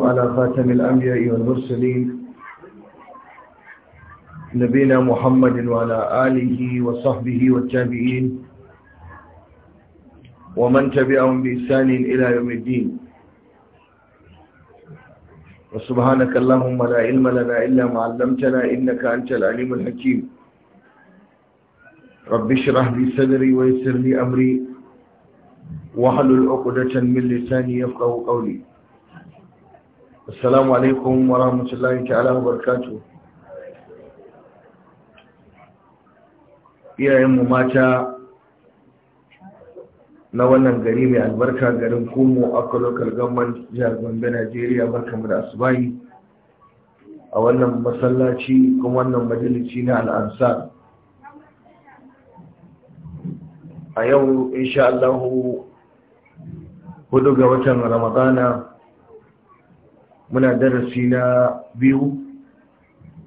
وعلى خاتم الأنبياء والمرسلين نبينا محمد وعلى آله وصحبه والتابعين ومن تبعهم بإحسان إلى يوم الدين وسبحانك اللهم لا علم لنا إلا ما علمتنا إنك أنت العليم الحكيم رب اشرح لي صدري ويسر لي أمري واحلل عقدة من لساني يفقه قولي assalamu alaikum wa rahmatullahi ta'ala wa barakatuh iyayenmu mata na wannan gari mai albarka garin kumo aka local jihar gombe najeriya barkamu da asubahi a wannan masallaci kuma wannan majalisi na al'ansar a yau insha Allahu hudu ga watan ramadana muna darasi na biyu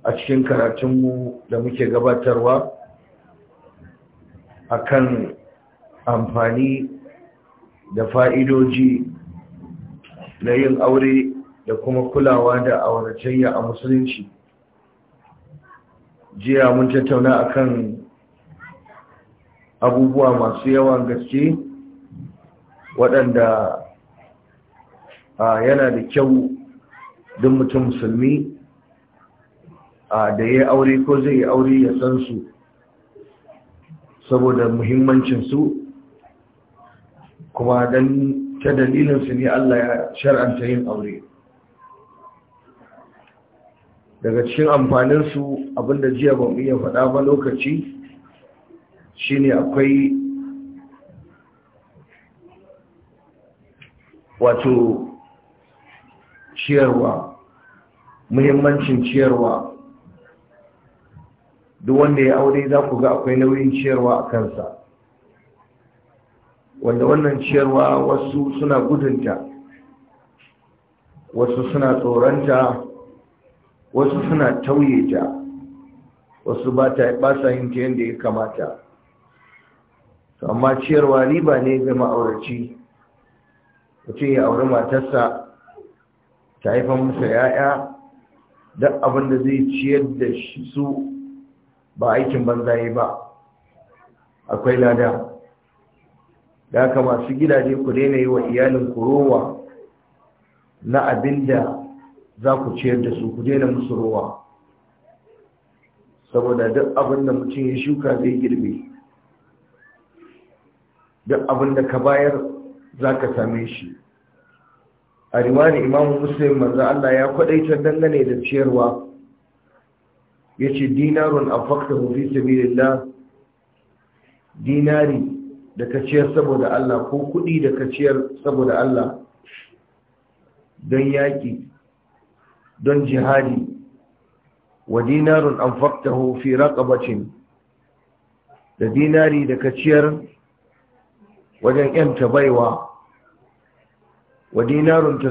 a cikin karatunmu da muke gabatarwa akan amfani da fa'idoji na yin aure da kuma kulawa da auratayya a musulunci jiya mun tattauna akan abubuwa masu yawan gaske waɗanda yana da kyau duk mutum musulmi da ya aure ko zai yi aure ya san su saboda muhimmancin su kuma don ta dalilinsu ne Allah ya shar'anta yin aure daga cikin amfanin su abinda jiya ban iya faɗa ba lokaci shine akwai wato ciyarwa muhimmancin ciyarwa duk wanda ya aure za ku ga akwai nauyin ciyarwa a kansa wanda wannan ciyarwa wasu suna gudunta wasu suna tsoronta wasu suna tauye ta wasu ba sa yin ta yadda ya kamata amma ciyarwa riba ne ga ma'auraci mutum ya auri matarsa ta haifan musa 'ya'ya duk abin da zai ciyar da su ba aikin banza yi ba akwai lada da aka masu gidaje ku daina yi wa iyalin rowa na abin da za ku ciyar da su ku daina musu rowa saboda duk abin da mutum ya shuka zai girbe duk abin da ka bayar za ka same shi a riwani imamu muslim manzo Allah ya kwadaitar dangane da ciyarwa yace dinarun anfaqtahu fi sabilillah dinari da ka ciyar saboda Allah ko kudi da ka ciyar saboda Allah don yaki don jihadi wa dinarun anfaqtahu fi raqabatin da dinari da ka ciyar wajen yanta baiwa ودينار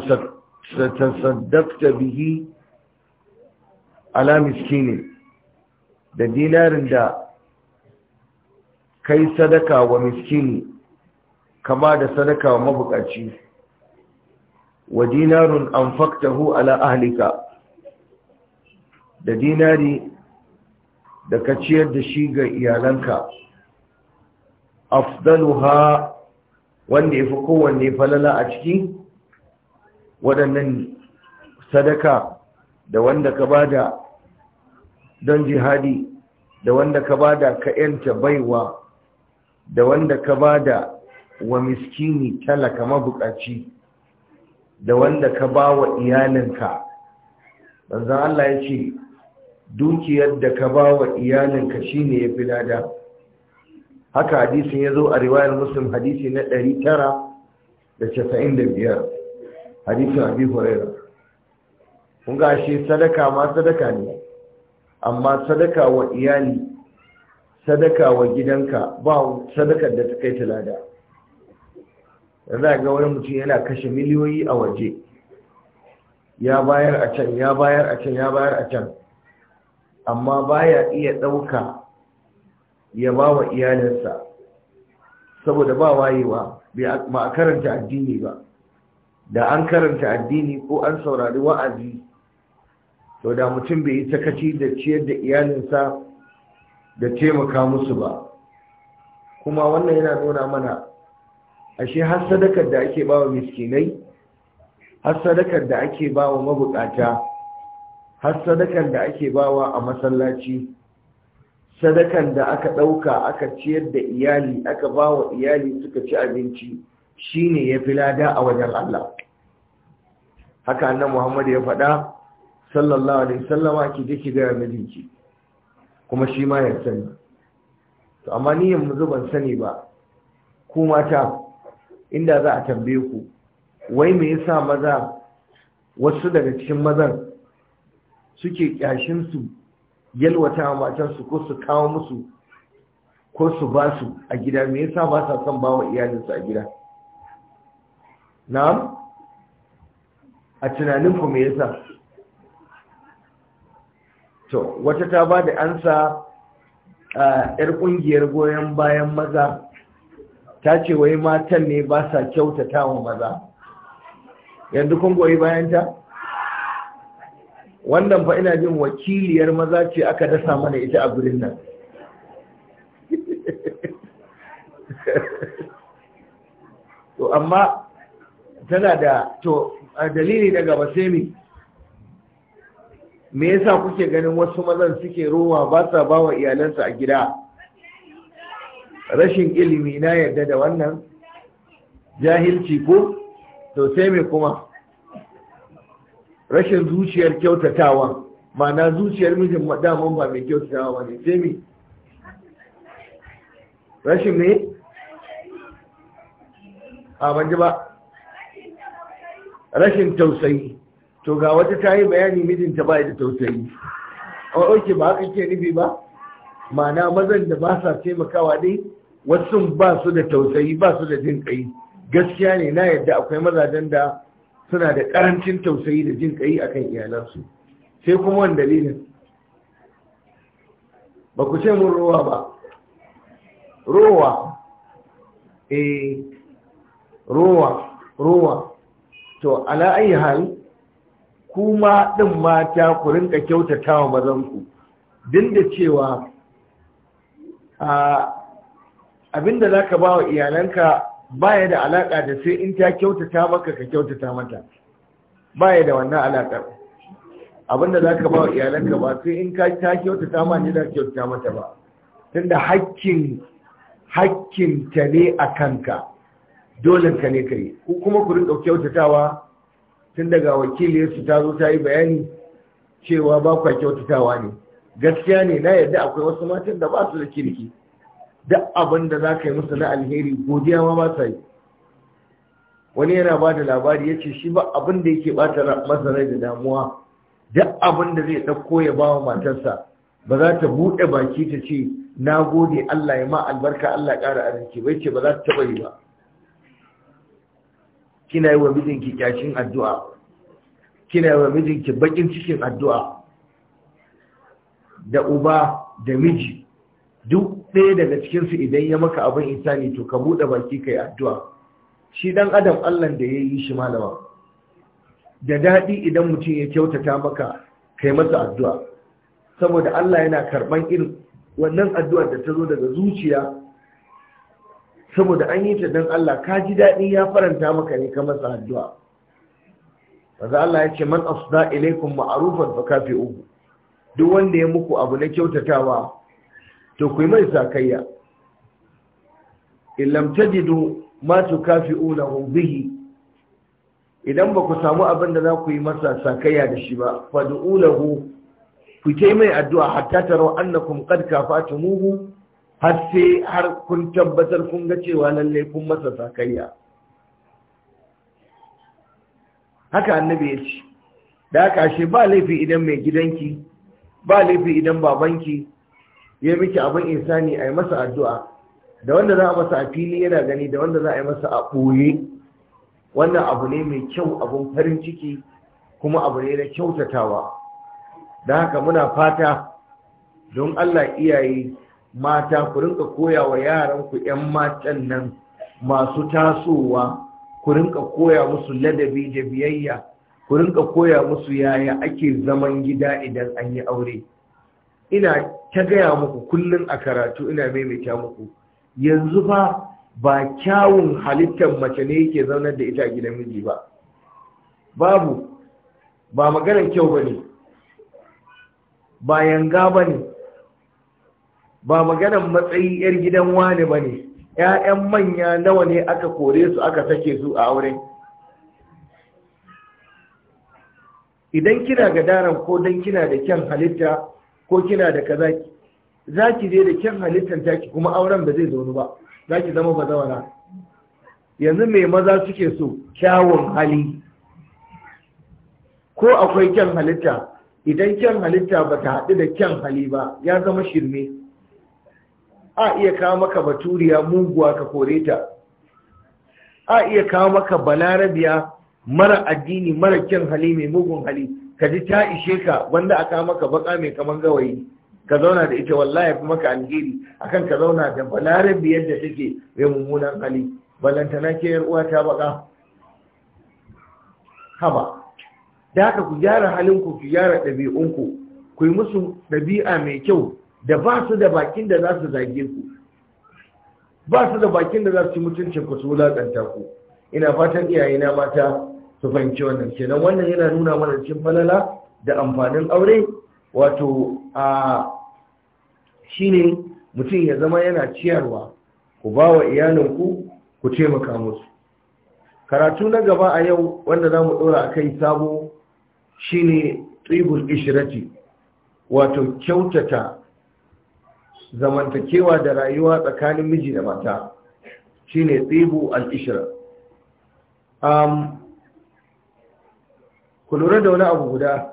تصدقت به على مسكين ده دينار ده kai sadaka wa miskini ka ba da sadaka wa mabukaci wa dinarun anfaqtahu ala ahlika da dinari da ka ciyar da shi ga iyalanka afdaluha wanda yafi kowanne falala a ciki waɗannan sadaka da wanda ka ba da don jihadi da wanda ka da ka yanta baiwa da wanda ka ba da wa miskini talaka mabukaci da wanda ka ba wa iyalinka banzan Allah ya ce dukiyar da ka ba wa iyalinka shi ne ya fi lada haka hadisin ya zo a riwayar muslim hadisi na da 995 hadisin abi huraira kun ga sadaka ma sadaka ne amma sadaka wa iyali sadaka wa gidanka ba sadakar da ta kai talada yanzu ga wani mutum yana kashe miliyoyi a waje ya bayar a can ya bayar a can ya bayar a can amma baya iya ɗauka ya ba wa iyalinsa saboda ba wayewa ba a karanta addini ba da an karanta addini ko an saurari wa'azi to da mutum bai yi sakaci da ciyar da iyalinsa da taimaka musu ba kuma wannan yana nuna mana ashe har sadakar da ake bawa miskinai har sadakar da ake bawa mabukata har sadakar da ake bawa a masallaci sadakan da aka ɗauka aka ciyar da iyali aka ba wa iyali suka ci abinci Shi ne ya fi lada a wajen Allah haka nan Muhammadu ya faɗa sallallahu alaihi wasallama ki je ki ga mijinki kuma shi ma ya sani to amma ni yanzu ban sani ba ku mata inda za a tambe ku wai me yasa maza wasu daga cikin mazan suke kyashin su yalwata matansu ko su kawo musu ko su ba su a gida me yasa ba sa son ba wa iyalinsu a gida na'am a tunaninku me yasa to wata ta ba da ansa a yar kungiyar goyon bayan maza ta ce wai matan ne ba sa kyautata wa maza yanzu kun goyi bayan ta wannan fa ina jin wakiliyar maza ce aka dasa mana ita a birin nan to amma tana da to dalili daga basemi me yasa kuke ganin wasu mazan suke ruwa ba sa ba wa iyalansa a gida rashin ilimi na yadda da wannan jahilci ko to sai me kuma rashin zuciyar kyautatawa ma'ana zuciyar mijin damar ba mai kyautatawa ba ne sai me rashin me a banji ba rashin tausayi to ga wata ta yi bayani mijinta ba da tausayi a oke ba haka ke nufi ba mana mazan da ba sa taimakawa dai wasu ba su da tausayi ba su da jin kai gaskiya ne na yadda akwai mazajen da suna da karancin tausayi da jin kai akan iyalansu sai kuma wani dalilin ba ku ce mun rowa ba rowa eh rowa rowa to ala ayi hal kuma din mata ku rinka wa mazan din da cewa a abinda zaka ba wa iyalanka baya da alaka da sai in ta kyautata maka ka kyautata mata baya da wannan alakar abinda zaka ba wa iyalanka ba sai in ka ta kyautata ma ne za ka kyautata mata ba tunda hakkin hakkin ta ne a kanka Dolin ka ne kai ku kuma ku rinka kyautatawa tun daga wakili su ta zo ta yi bayani cewa ba ku kyautatawa ne gaskiya ne na yadda akwai wasu matan da ba su da kirki duk abin da za ka yi musu na alheri godiya ma ba sa yi wani yana ba da labari ya ce shi ba abin da yake bata masa rai da damuwa duk abin da zai ɗauko ya ba wa matarsa ba za ta buɗe baki ta ce na gode Allah ya ma albarka Allah ƙara arziki bai ce ba za ta taɓa yi ba kina yi wa mijinki kyashin addu'a kina yi wa mijinki bakin cikin addu'a da uba da miji duk ɗaya daga cikinsu idan ya maka abin insani to ka buɗe baki yi addu'a shi ɗan adam allah da ya yi shi malama da daɗi idan mutum ya kyautata maka kai masa addu'a saboda allah yana karɓan irin wannan addu'ar da ta zo daga zuciya saboda an yi ta don Allah ka ji daɗi ya faranta maka ne ka masa addu'a kaza Allah ya ce man asda ilaikum ma'rufan fa kafi'u duk wanda ya muku abu na kyautatawa to ku yi mai sakayya lam tajidu ma tukafi'unahu bihi idan ba ku samu abin da za ku yi masa sakayya da shi ba fad'u lahu ku kai mai addu'a hatta taro annakum qad kafatumuhu har sai har kun tabbatar kun ga cewa lallai kun masa sakayya haka annabi ya ce da haka shi ba laifi idan mai gidanki ba laifi idan babanki ya miki abin insani a yi masa addu'a da wanda za a masa a fili yana gani da wanda za a yi masa a ɓoye wannan abu ne mai kyau abin farin ciki kuma abu ne na kyautatawa da haka muna fata don allah iyaye mata ku rinka koya wa yaranku 'yan matan nan masu tasowa ku rinka koya musu ladabi da biyayya ku rinka koya musu yaya ake zaman gida idan an yi aure ina ta gaya muku kullum a karatu ina maimaita muku yanzu fa ba kyawun halittar mace ne yake zaunar da ita gidan miji ba babu ba maganar kyau ba ne ba yanga ba ne ba maganan matsayi yar gidan wani ba ne ‘ya'yan manya nawa ne aka kore su aka sake su a aure. idan kina ga daren ko don kina da kyan halitta ko kina da kaza za ki je da kyan halittar taki kuma auren ba zai zaunu ba za ki zama ba bazawana yanzu mai maza suke so kyawun hali ko akwai kyan halitta idan kyan halitta ba ta haɗu da kyan hali ba ya zama shirme a iya kawo maka baturiya muguwa ka kore ta a iya kawo maka balarabiya mara addini mara kyan hali mai mugun hali ka ji ta ishe ka wanda a kawo maka baka mai kaman gawayi ka zauna da ita wallahi fi maka alheri akan ka zauna da balarabiyar da take mai mummunan hali balantana ke yar uwa ta baka haba da haka ku gyara halinku ku gyara ɗabi'unku ku yi musu ɗabi'a mai kyau da ba su da bakin da za su zage ku ba su da bakin da za su mutuncin ku su wulakanta ku ina fatan iyayena mata su fahimci wannan kenan wannan yana nuna mana cin falala da amfanin aure wato a shine mutum ya zama yana ciyarwa ku ba wa iyalinku ku taimaka musu karatu na gaba a yau wanda za mu ɗora a kai sabo shine tsibul ishirati wato kyautata zamantakewa da rayuwa tsakanin miji da mata shine tsibu al'ishira. ku lura da wani abu guda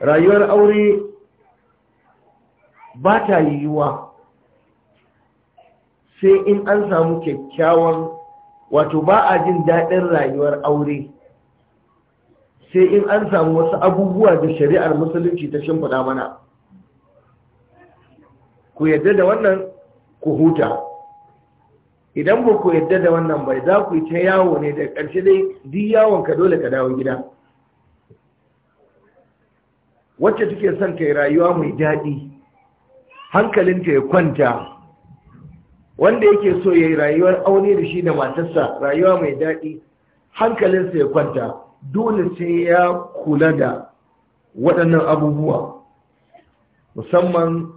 rayuwar aure ba ta yiwuwa sai in an samu kyakkyawan wato ba a jin daɗin rayuwar aure sai in an samu wasu abubuwa da shari'ar musulunci ta shimfiɗa mana ku yadda da wannan ku huta idan ba ku yadda da wannan bai za ku yi ta yawo ne da ƙarshe dai duk yawon ka dole ka dawo gida wacce take son ka yi rayuwa mai daɗi hankalinta ya kwanta wanda yake so ya yi rayuwar aure da shi da matarsa rayuwa mai daɗi hankalinsa ya kwanta dole sai ya kula da waɗannan abubuwa musamman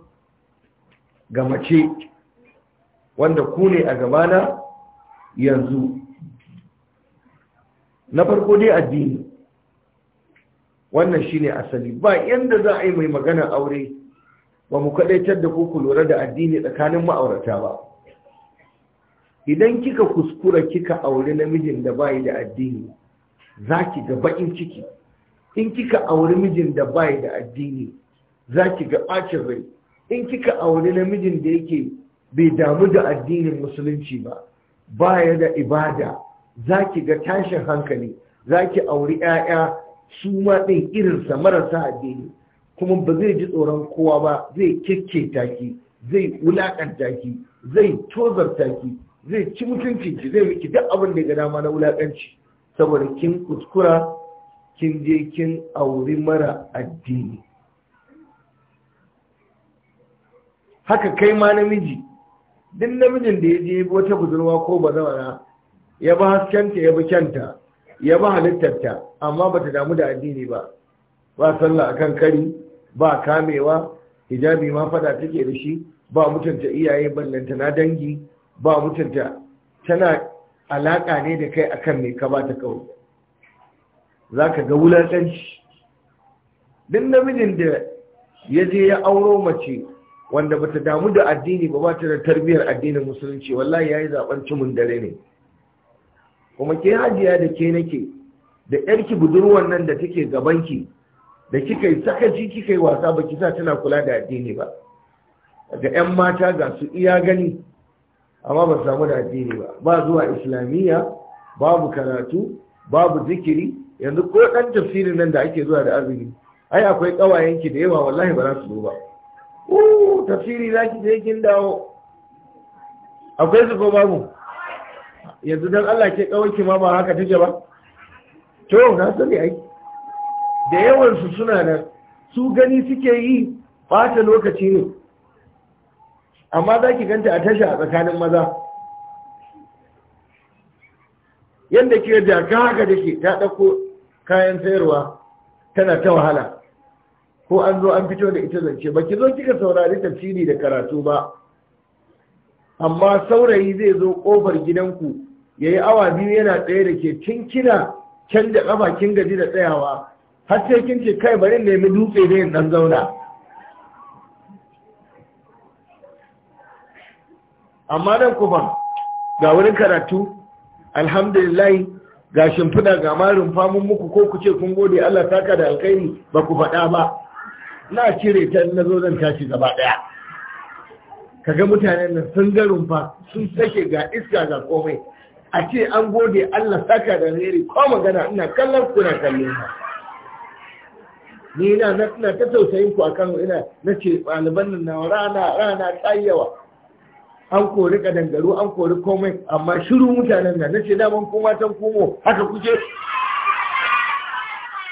ga mace wanda ku ne a gabana yanzu na farko dai addini wannan shine asali ba yanda za a yi mai magana aure ba mu kadaitar da ku lura da addini tsakanin ma'aurata ba idan kika kuskura kika aure namijin da bai da addini za ki ga bakin ciki in kika aure mijin da bai da addini za ki ga bacin rai in kika auri namijin da yake bai damu da addinin musulunci ba baya da ibada za ki ga tashin hankali za ki auri 'ya'ya su ma ɗin irinsa marasa addini kuma ba zai ji tsoron kowa ba zai kekketa taki, zai wulaƙanta ki zai tozarta ki zai ci mutunci ki zai miki duk abin da ga dama na wulaƙanci saboda kin kuskura kin je kin auri mara addini haka kai ma namiji duk namijin da ya je wata budurwa ko bazawara ya ba haskenta ya bi kyanta ya ba halittarta amma ba ta damu da addini ba ba sallah akan kari ba kamewa hijabi ma fada take da shi ba mutunta iyaye ballanta na dangi ba mutunta tana alaka ne da kai akan me ka ba bata kawai ka ga wulatsanci. duk namijin da ya je ya auro mace wanda bata damu da addini ba bata da tarbiyyar addinin musulunci wallahi yayi zaben cimin dare ne kuma ke hajiya da ke nake da yarki budurwan nan da take gabanki da kika yi sakaci kika yi wasa ba ki sa tana kula da addini ba ga yan mata ga su iya gani amma ba samu da addini ba ba zuwa islamiyya babu karatu babu zikiri yanzu ko ɗan tafsirin nan da ake zuwa da arziki ai akwai kawayenki da yawa wallahi ba za su zo ba uh tafsiri zaki je kin dawo akwai su ko babu yanzu dan Allah ke kawai ma ba haka take ba to na sani ai da yawan su suna nan su gani suke yi bata lokaci ne amma zaki ganta a tasha a tsakanin maza yadda ke jaka haka da ta ɗauko kayan sayarwa tana ta wahala ko an zo an fito da ita zance ba ki zo kika saurari tafsiri da karatu ba amma saurayi zai zo kofar gidanku ya yi awa biyu yana tsaye da ke kin kina can da ƙafa kin gaji da tsayawa har sai kin ce kai bari nemi dutse da yin ɗan zauna amma nan kuma ga wurin karatu alhamdulillahi ga shimfiɗa ga marin famun muku ko ku ce kun gode Allah taka da alkairi ba ku faɗa ba na cire ta na zo zan tashi gaba daya kaga mutanen nan sun garin rumfa sun sake ga iska ga komai a ce an gode Allah saka da rere ko magana ina kallon kuna kallon ka ni ina na ta tausayin ku akan ina nace ɗaliban nan rana rana rana tsayawa an kori kadangaru an kori komai amma shiru mutanen nan nace daman kuma tan komo haka kuke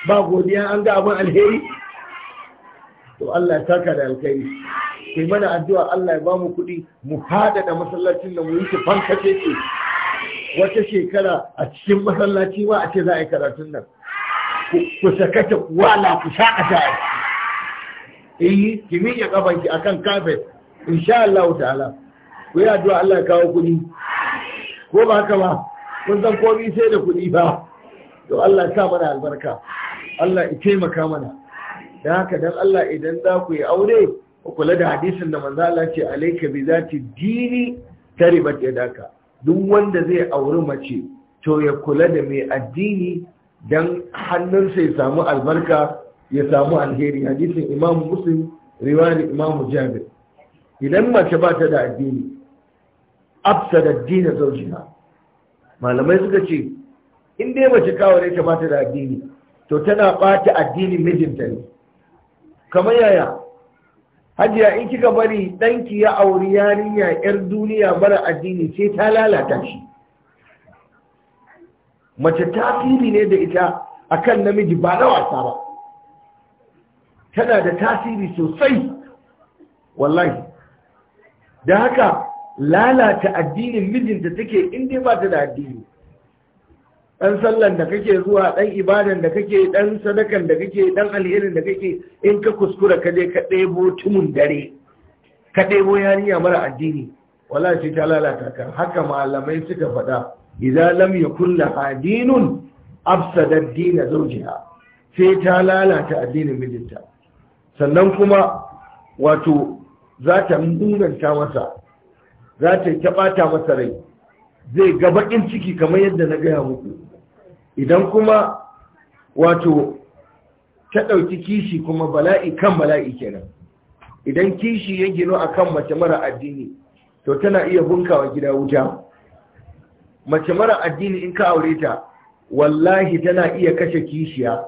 ba godiya an ga abin alheri to Allah ya taka da alkhairi kai mana addu'a Allah ya ba mu kuɗi mu da masallacin da mu yi fanka ce wata shekara a cikin masallaci ma a ce za a yi karatun nan ku sakata wala ku shakata eh ki miƙe kafanki akan kafet insha Allah ta'ala ku yi addu'a Allah ya kawo kuɗi ko ba haka ba kun san komai sai da kuɗi ba to Allah ya sa mana albarka Allah ya taimaka mana da haka dan Allah idan za ku yi aure ku kula da hadisin da manzo Allah ce alayka bi zati dini taribat yadaka duk wanda zai auri mace to ya kula da mai addini dan hannunsa ya samu albarka ya samu alheri hadisin Imam Muslim riwayar Imam Jabir idan mace ba ta da addini afsada addini zawjiha malamai suka ce in dai mace kawai ta ba ta da addini to tana ɓata addinin mijinta ne kamar yaya hajiya in kika bari ɗanki ya auri yarinya yar duniya bara addini sai ta lalata shi mace tasiri ne da ita akan namiji ba na wasa ba tana da tasiri sosai wallahi da haka lalata addinin mijinta take inda ba ta da addini Ɗan sallan da kake zuwa ɗan ibadan da kake dan sadakan da kake dan alherin da kake in ka kuskura ka je ka ɗebo tumun dare ka ɗebo yariya mara addini wala ce ta lalata ka haka malamai suka faɗa idan lam yakun addinin dinun afsadat dina zawjiha sai ta lalata addinin mijinta sannan kuma wato za ta nunanta masa za ta ta bata masa rai zai ga bakin ciki kamar yadda na gaya muku idan kuma wato ta ɗauki kishi kuma bala'i kan bala'i kenan idan kishi ya gino a kan mace mara addini to tana iya bunkawa gida wuta mace mara addini in ka aure ta wallahi tana iya kashe kishiya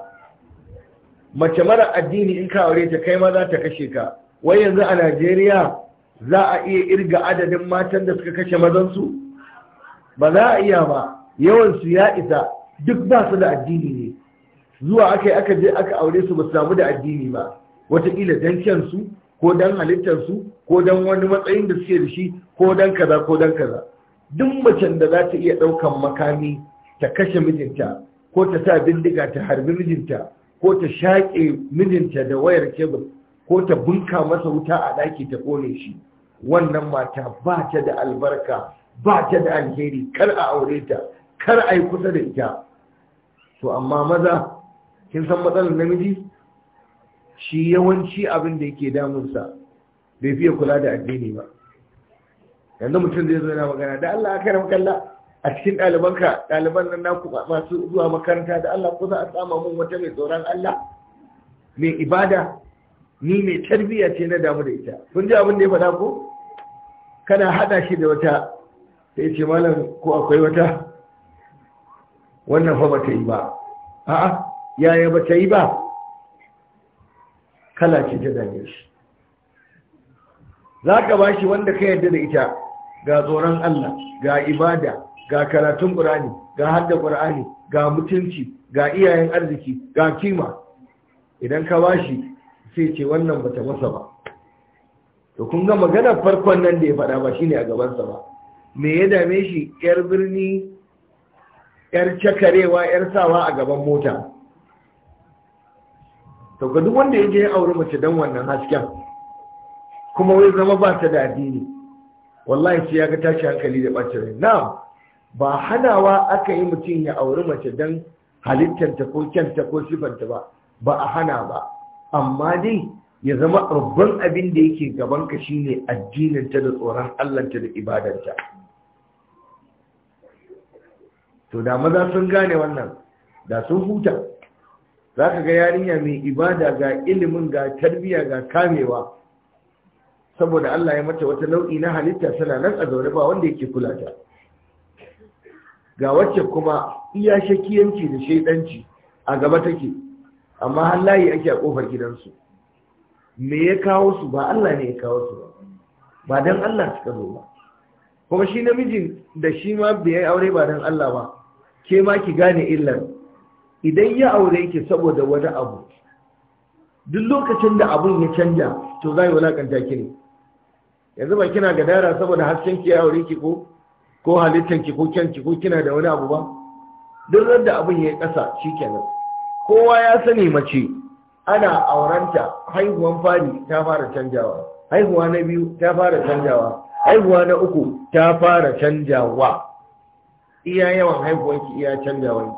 mace mara addini in ka aure ta kai ma za ta kashe ka wai yanzu a najeriya za a iya irga adadin matan da suka kashe mazansu ba za a iya ba yawan su ya isa duk ba su da addini ne zuwa aka yi aka je aka aure su ba su samu da addini ba wataƙila dan kyansu ko dan halittarsu ko don wani matsayin da suke da shi ko dan kaza ko dan kaza duk macen da za ta iya ɗaukan makami ta kashe mijinta ko ta sa bindiga ta harbi mijinta ko ta shaƙe mijinta da wayar kebul ko ta bunka masa wuta a ɗaki ta ƙone shi wannan mata ba ta da albarka ba ta da alheri kar a aure ta kar a yi kusa da ita to amma maza kin san matsalar namiji shi yawanci abin da yake damunsa bai fiye kula da addini ba yanzu mutum zai zo yana magana da Allah aka yi kalla a cikin ɗalibanka ɗaliban nan naku masu zuwa makaranta da Allah ko za a tsama mun wata mai tsoron Allah mai ibada ni mai tarbiyya ce na damu da ita kun ji abin da ya faɗa ko kana haɗa shi da wata sai ce malam ko akwai wata wannan fa ba ta yi ba a'a yaya ba ta yi ba kala ce ta dame shi za ka ba shi wanda ka yarda da ita ga tsoron Allah ga ibada ga karatun ƙur'ani ga hadda ƙur'ani ga mutunci ga iyayen arziki ga kima idan ka ba shi sai ce wannan ba ta masa ba to kun ga maganar farkon nan da ya faɗa ba shine a gabansa ba me ya dame shi yar birni yar cakarewa yar sawa a gaban mota to ga duk wanda yake je ya auri mace dan wannan hasken kuma wai zama ba ta da addini wallahi sai ya ga tashi hankali da ɓacin rai na ba hanawa aka yi mutum ya auri mace halittar ta ko kyanta ko sifanta ba ba a hana ba amma dai ya zama rubban abin da yake gabanka shine addininta da tsoron ta da ibadanta to da maza sun gane wannan da sun huta za ka ga yarinya mai ibada ga ilimin ga tarbiyya ga kamewa saboda Allah ya mata wata nau'i na halitta suna nan a zaune ba wanda yake kula ta ga wacce kuma iya shakiyanci da shaidanci a gaba take amma har ake a kofar gidansu me ya kawo su ba Allah ne ya kawo su ba ba dan Allah suka zo ba kuma shi namijin da shi ma bai aure ba don Allah ba ke ma ki gane illar idan ya aure ki saboda wani abu duk lokacin da abun ya canja to za yi wulakanta ki ne yanzu ba kina gadara saboda hasken ki ya aure ki ko ko halittar ki ko kyan ko kina da wani abu ba duk da abun ya yi ƙasa shi kenan. kowa ya sani mace ana aurenta haihuwan fari ta fara canjawa haihuwa na biyu ta fara canjawa haihuwa na uku ta fara canjawa iya yawan haihuwanki iya canjawanki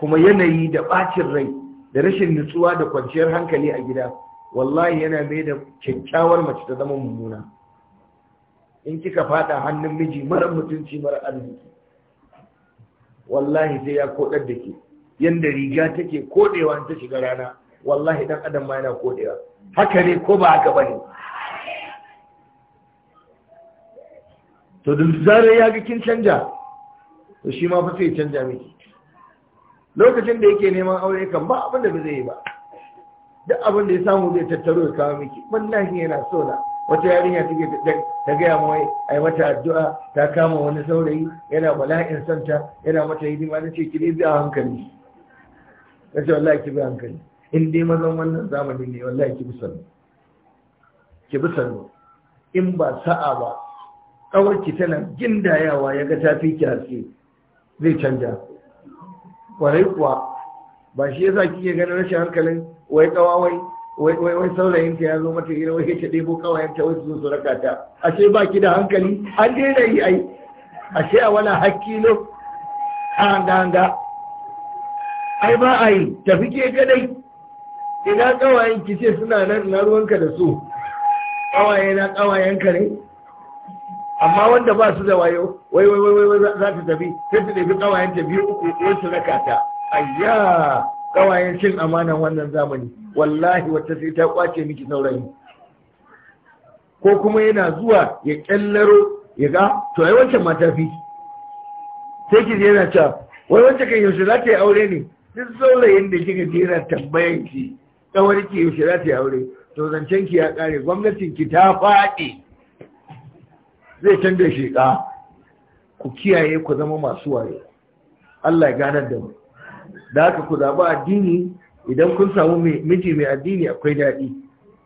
kuma yanayi da bacin rai da rashin nutsuwa da kwanciyar hankali a gida wallahi yana mai da kyakkyawar mace ta zama mummuna in kika fada hannun miji mara mutunci mara arziki wallahi sai ya kodar da ke yadda riga take kodewa ta shiga rana wallahi dan adam ma yana kodewa haka ne ko ba haka ne? to da zarar ya ga kin canja to shi ma fa sai canja miki lokacin da yake neman aure kan ba abin da zai yi ba duk abin da ya samu zai tattaro ya kawo miki wallahi yana so na wata yarinya take ta gaya mu wai ai mata addu'a ta kama wani saurayi yana bala'in santa yana mata hidima na ce ki dai biya a hankali na ce wallahi ki bi hankali in dai mazan wannan zamanin ne wallahi ki bi sannu ki bi sannu in ba sa'a ba ƙawarki tana gindayawa ya ga tafi ki haske zai canja kwarai kuwa ba shi yasa kike gani rashin hankalin wai ƙawawai wai wai saurayin ta zo mata hira wai ta ɗebo kawayen ta wasu zuwa raka ta ashe ba ki da hankali an daina yi ai ashe a wala A hanga hanga ai ba a yi tafi ke gadai ina kawayen ki ce suna nan na ruwanka da su kawaye na kawayen ka ne amma wanda ba su da wayo wai wai wai za ta tafi sai su ɗabi ƙawayen ta biyu uku wai su raka ta ayya ƙawayen cin amanan wannan zamani wallahi wata sai ta kwace miki saurayi ko kuma yana zuwa ya kyallaro ya ga to ai wancan ta fi sai ki yana cewa wai wancan kan yaushe za ta yi aure ne duk saurayin da kika ji yana tambayan ki kawar ki yaushe za ta yi aure to zancen ki ya ƙare. gwamnatin ki ta faɗi zai canza sheka ku kiyaye ku zama masu waye Allah ya ganar da mu da haka ku zaɓi addini idan kun samu miji mai addini akwai daɗi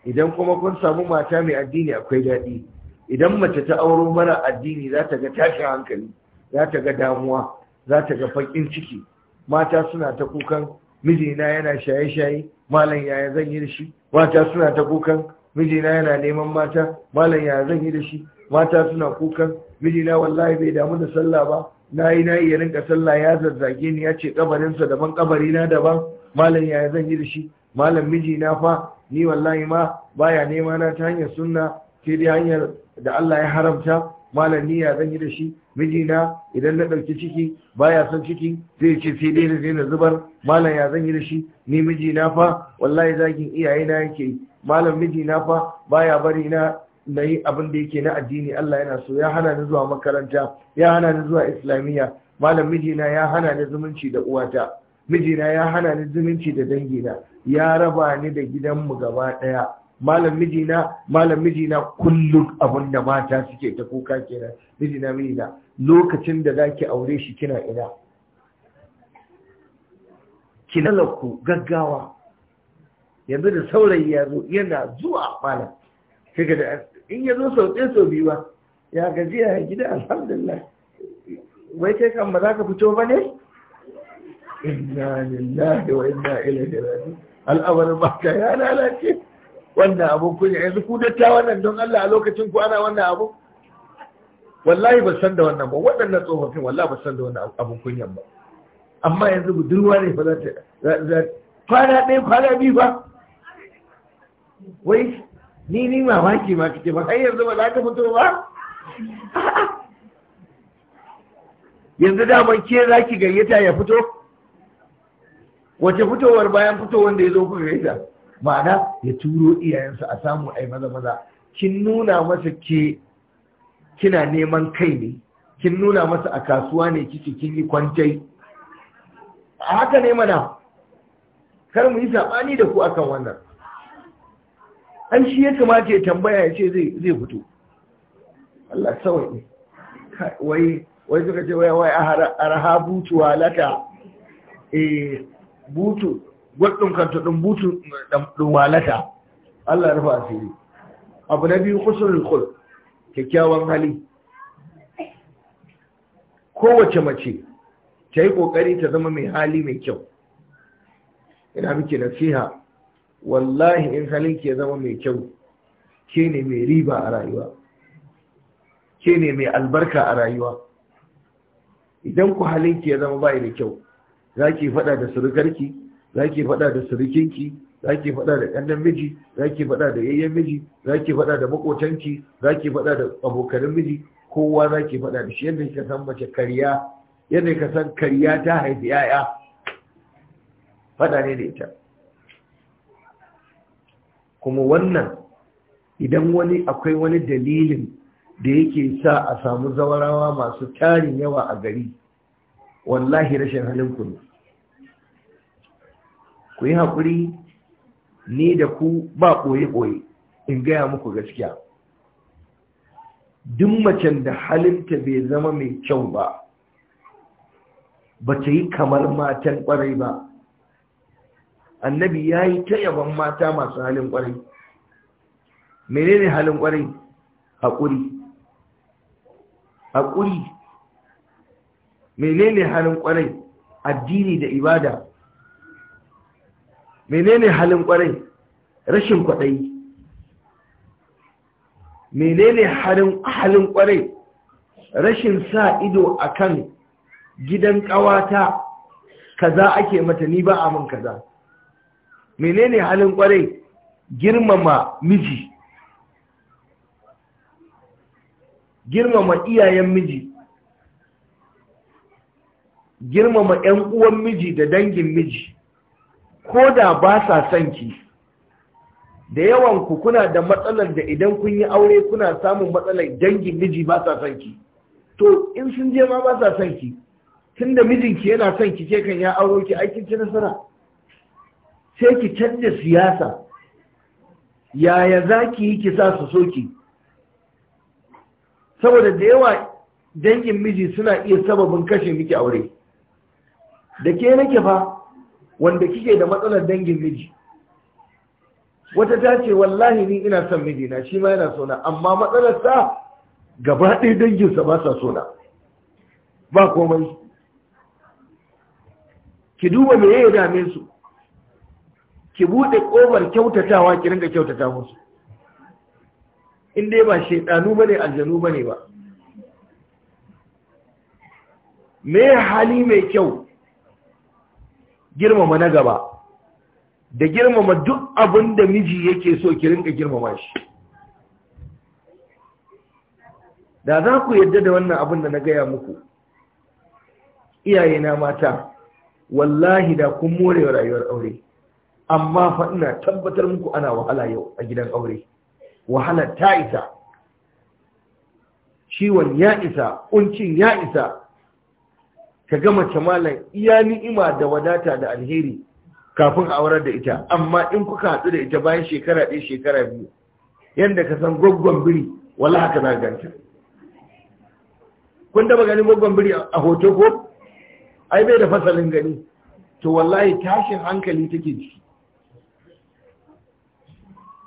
idan kuma kun samu mata mai addini akwai daɗi idan mace ta auro mara addini za ta ga tashin hankali za ta ga damuwa za ta ga fakin ciki mata suna ta kukan mijina yana shaye-shaye malam yaya zan yi da mata suna ta kukan mijina yana neman mata malam yaya zan yi da shi mata suna kukan mijina wallahi bai damu da sallah ba na yi na iya rinka sallah ya zazzage ni ya ce kabarinsa daban kabari na daban malam yaya zan yi da shi malam mijina fa ni wallahi ma baya nema na ta hanyar sunna sai dai hanyar da Allah ya haramta malam ni ya zan yi da shi mijina idan na ɗauki ciki baya son ciki zai ce sai dai na zai zubar malam ya zan yi da shi ni mijina fa wallahi zagin iyaye na yake malam mijina fa baya bari na na yi abin da yake na addini Allah yana so ya hana ni zuwa makaranta ya hana ni zuwa islamiyya malam mijina ya hana ni zumunci da uwata mijina ya hana ni zumunci da dangina ya raba ni da gidanmu gaba daya malam mijina malam mijina kullum abin da mata suke ta kuka kenan mijina mijina lokacin da zaki aure shi kina ina kinalaku gaggawa yanzu da saurayi ya zo yana zuwa malam kiga da in ya zo sau ɗaya sau biyu ba ya gajiya ya gida alhamdulillah wai kai kan ba za ka fito ba ne inna lillahi wa inna ilaihi raji al'amarin maka ya lalace wannan kun kunya yanzu ku datta wannan don Allah a lokacin ku ana wannan abu wallahi ba san da wannan ba waɗannan tsofaffin wallahi ba san da wannan abun kunyan ba amma yanzu budurwa ne ba za ta kwana ɗaya kwana biyu ba wai ni ni mamaki ma kake ba kai yanzu ba za ka fito ba yanzu daman ke za ki gayyata ya fito wace fitowar bayan fito wanda ya zo kuka gayyata ma'ana ya turo iyayensa a samu ai maza maza kin nuna masa ke kina neman kai ne kin nuna masa a kasuwa ne kike kin yi kwantai a haka ne mana kar mu yi sabani da ku akan wannan an shi ya kamata ya tambaya ya ce zai fito Allah sawai ne wai wai suka ce wai wai raha butu walata eh butu gwadin kanta din butu din walata Allah ya rufa asiri abu na biyu kusurul khul kyakkyawan hali kowace mace ta yi kokari ta zama mai hali mai kyau ina muke nasiha wallahi in halinki ya zama mai kyau ke ne mai riba a rayuwa ke ne mai albarka a rayuwa idan ku ki ya zama bai da kyau za ki faɗa da surukarki za ki faɗa da surukinki za ki faɗa da ƙannan miji za ki faɗa da yayyen miji za ki faɗa da makotanki za ki faɗa da abokanin miji kowa za ki faɗa da shi yadda ka san mace karya yadda ka san karya ta haifi 'ya'ya faɗa ne da ita kuma wannan idan wani akwai wani dalilin da yake sa a samu zawarawa masu tarin yawa a gari wallahi rashin halin ku ne ku yi haƙuri ni da ku ba ɓoye-ɓoye in gaya muku gaskiya duk macen da halinta bai zama mai kyau ba ba ta yi kamar matan ƙwarai ba annabi ya yi ta yaban mata masu halin mene menene halin ƙwarai haƙuri haƙuri menene halin ƙwarai addini da ibada menene halin ƙwarai rashin kwaɗayi menene halin ƙwarai rashin sa ido akan gidan ƙawata kaza ake mata ni ba a mun kaza menene halin kwarai girmama miji girmama iyayen miji girmama 'yan uwan miji da dangin miji ko da ba sa son ki da yawan ku kuna da matsalar da idan kun yi aure kuna samun matsalar dangin miji ba sa son ki to in sun je ma ba sa son ki tunda mijinki yana son ki ke kan ya auro ki aikin ci nasara sai ki canza siyasa yaya za ki yi kisa sa su soki saboda da yawa dangin miji suna iya sababin kashe miki aure da ke nake fa wanda kike da matsalar dangin miji wata ta ce wallahi ni ina son mijina shi ma yana sona amma matsalar sa gaba ɗaya danginsa ba sa sona ba komai ki duba me ya dame su ki buɗe ƙofar kyautatawa ki ringa kyautata musu in dai ba shaidanu ba ne aljanu ba ne ba me hali mai kyau girmama na gaba da girmama duk abin da miji yake so ki ringa girmama shi da za ku yadda da wannan abin da na gaya muku Iyayena mata wallahi da kun more rayuwar aure amma fa ina tabbatar muku ana wahala yau a gidan aure wahala ta isa ciwon ya isa kuncin ya isa ka gama malam iya ni'ima da wadata da alheri kafin a aurar da ita amma in kuka haɗu da ita bayan shekara ɗaya shekara biyu yadda ka san gwaggon biri wala haka na ganta kun taba ganin gwaggon biri a hoto ko ai bai da fasalin gani to wallahi tashin hankali take ciki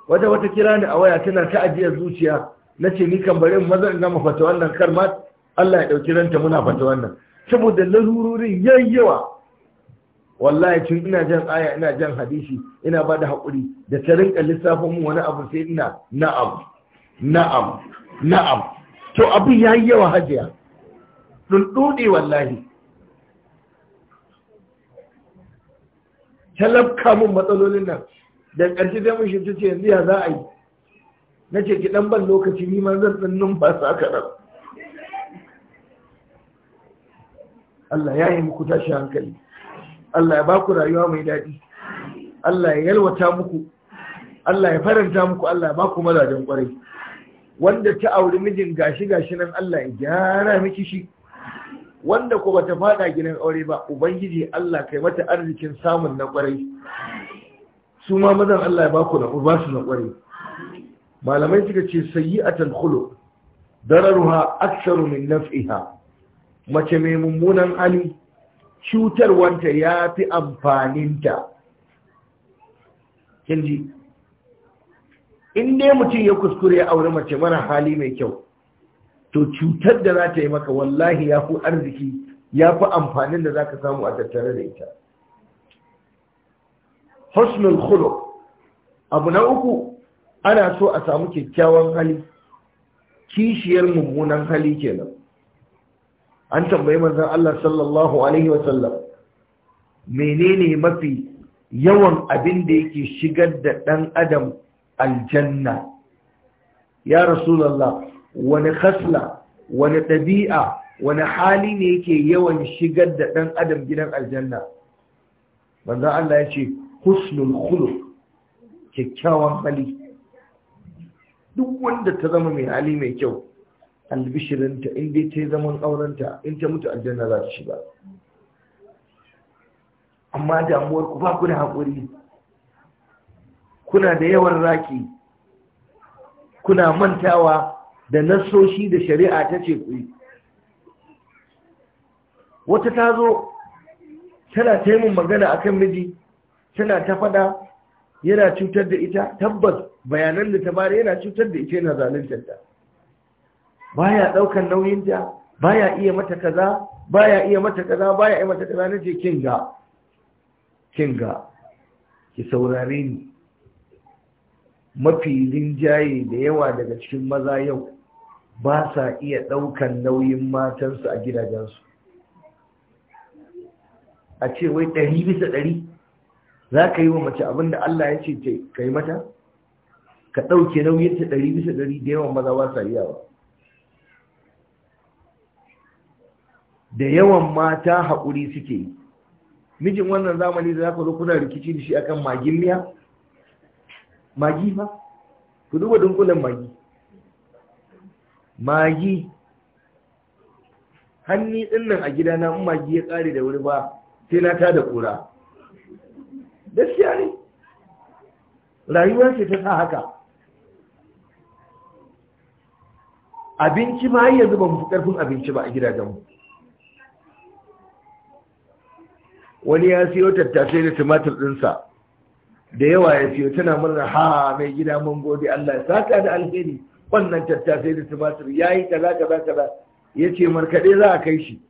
wata wata kira ni a waya tana ta ajiyar zuciya na ce ni kan bari mazan ina mu fata wannan kar ma Allah ya dauki ranta muna fata wannan saboda lalurorin yayyawa wallahi tun ina jan aya ina jan hadisi ina bada hakuri da ta rinka lissafin mu wani abu sai ina na'am na'am na'am to abin yayi yawa hajiya dudi wallahi talabka mun matsalolin nan da ƙarshe zai mun ta ce yanzu ya za a yi na ce ki ɗan ban lokaci ni ma zan ɗan numfasa kaɗan Allah ya yi muku tashi hankali Allah ya baku rayuwa mai daɗi Allah ya yalwata muku Allah ya faranta muku Allah ya baku mazajen ƙwarai wanda ta auri mijin gashi gashi nan Allah ya gyara miki shi wanda ko bata fada gidan aure ba ubangiji Allah kai mata arzikin samun na ƙwarai su ma mazan Allah ya baku na ba su na kware. malamai suka ce sayyi'atul khuluq dararuha aktsaru min naf'iha mace mai mummunan hali cutarwanta ya fi amfaninta kinji in dai mutum ya kuskure ya aure mace mara hali mai kyau to cutar da za ta yi maka wallahi ya fi arziki ya fi amfanin da za ka samu a tattare da ita husnul khuluq abu na uku ana so a samu kyakkyawan hali kishiyar mummunan hali kenan an tambayi manzon Allah sallallahu alaihi menene mafi yawan abin da yake shigar da ɗan adam aljanna ya rasulallah wani khasla wani ɗabi'a wani hali ne yake yawan shigar da ɗan adam gidan aljanna manzan Allah ya ce husnul khuluq kyakkyawan hali duk wanda ta zama mai hali mai kyau albishirinta in dai ta yi zaman aurenta in ta mutu aljanna za ta shiga amma damuwar ku ba ku da haƙuri kuna da yawan raki kuna mantawa da nasoshi da shari'a ta ce ku wata ta zo tana taimun magana akan miji tana ta fada yana cutar da ita tabbas bayanan da ta bada yana cutar da ita yana zaluntar ta baya daukan nauyin ta baya iya mata kaza baya iya mata kaza baya iya mata kaza nace kinga kinga ki saurare ni mafi rinjaye da yawa daga cikin maza yau ba sa iya daukan nauyin matansu a gidajensu a ce wai ɗari bisa ɗari za ka yi wa mace abin da Allah ya ce ka yi mata ka ɗauke nauyin ta ɗari bisa ɗari da yawan maza ba sa iyawa da yawan mata haƙuri suke yi mijin wannan zamani da za ka zo kuna rikici da shi akan magin miya magi fa ku duba dunkulen magi magi hanni ɗin nan a gidana in magi ya ƙare da wuri ba sai na da ƙura gaskiya ne rayuwarsa ta sa haka abinci ma yanzu ba mu karfin abinci ba a gidajenmu wani ya siyo tattasai da tumatir ɗinsa da yawa ya siyo tana murna ha mai gida mun gode Allah ya saka da alheri wannan tattasai da tumatir ya yi kaza kaza kaza ya ce markaɗe za a kai shi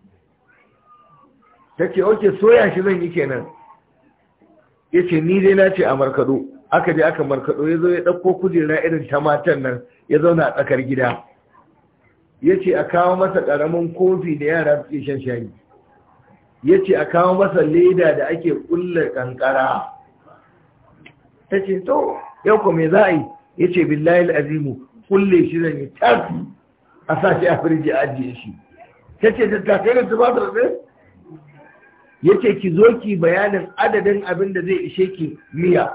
ta ce oke soya shi zan yi kenan ya ce ni dai na ce a markaɗo aka je aka markaɗo ya zo ya ɗauko kujera irin ta matan nan ya zauna a tsakar gida ya ce a kawo masa ƙaramin kofi da yara ke shan shayi ya ce a kawo masa leda da ake ƙulla ƙanƙara ta ce to yau ko me za a yi ya ce billahi azimu kulle shi zan yi tas a sa shi a firji a ajiye shi ta ce ta tafiya da tumatar ne yace ki zo ki bayanin adadin abin da zai ishe ki miya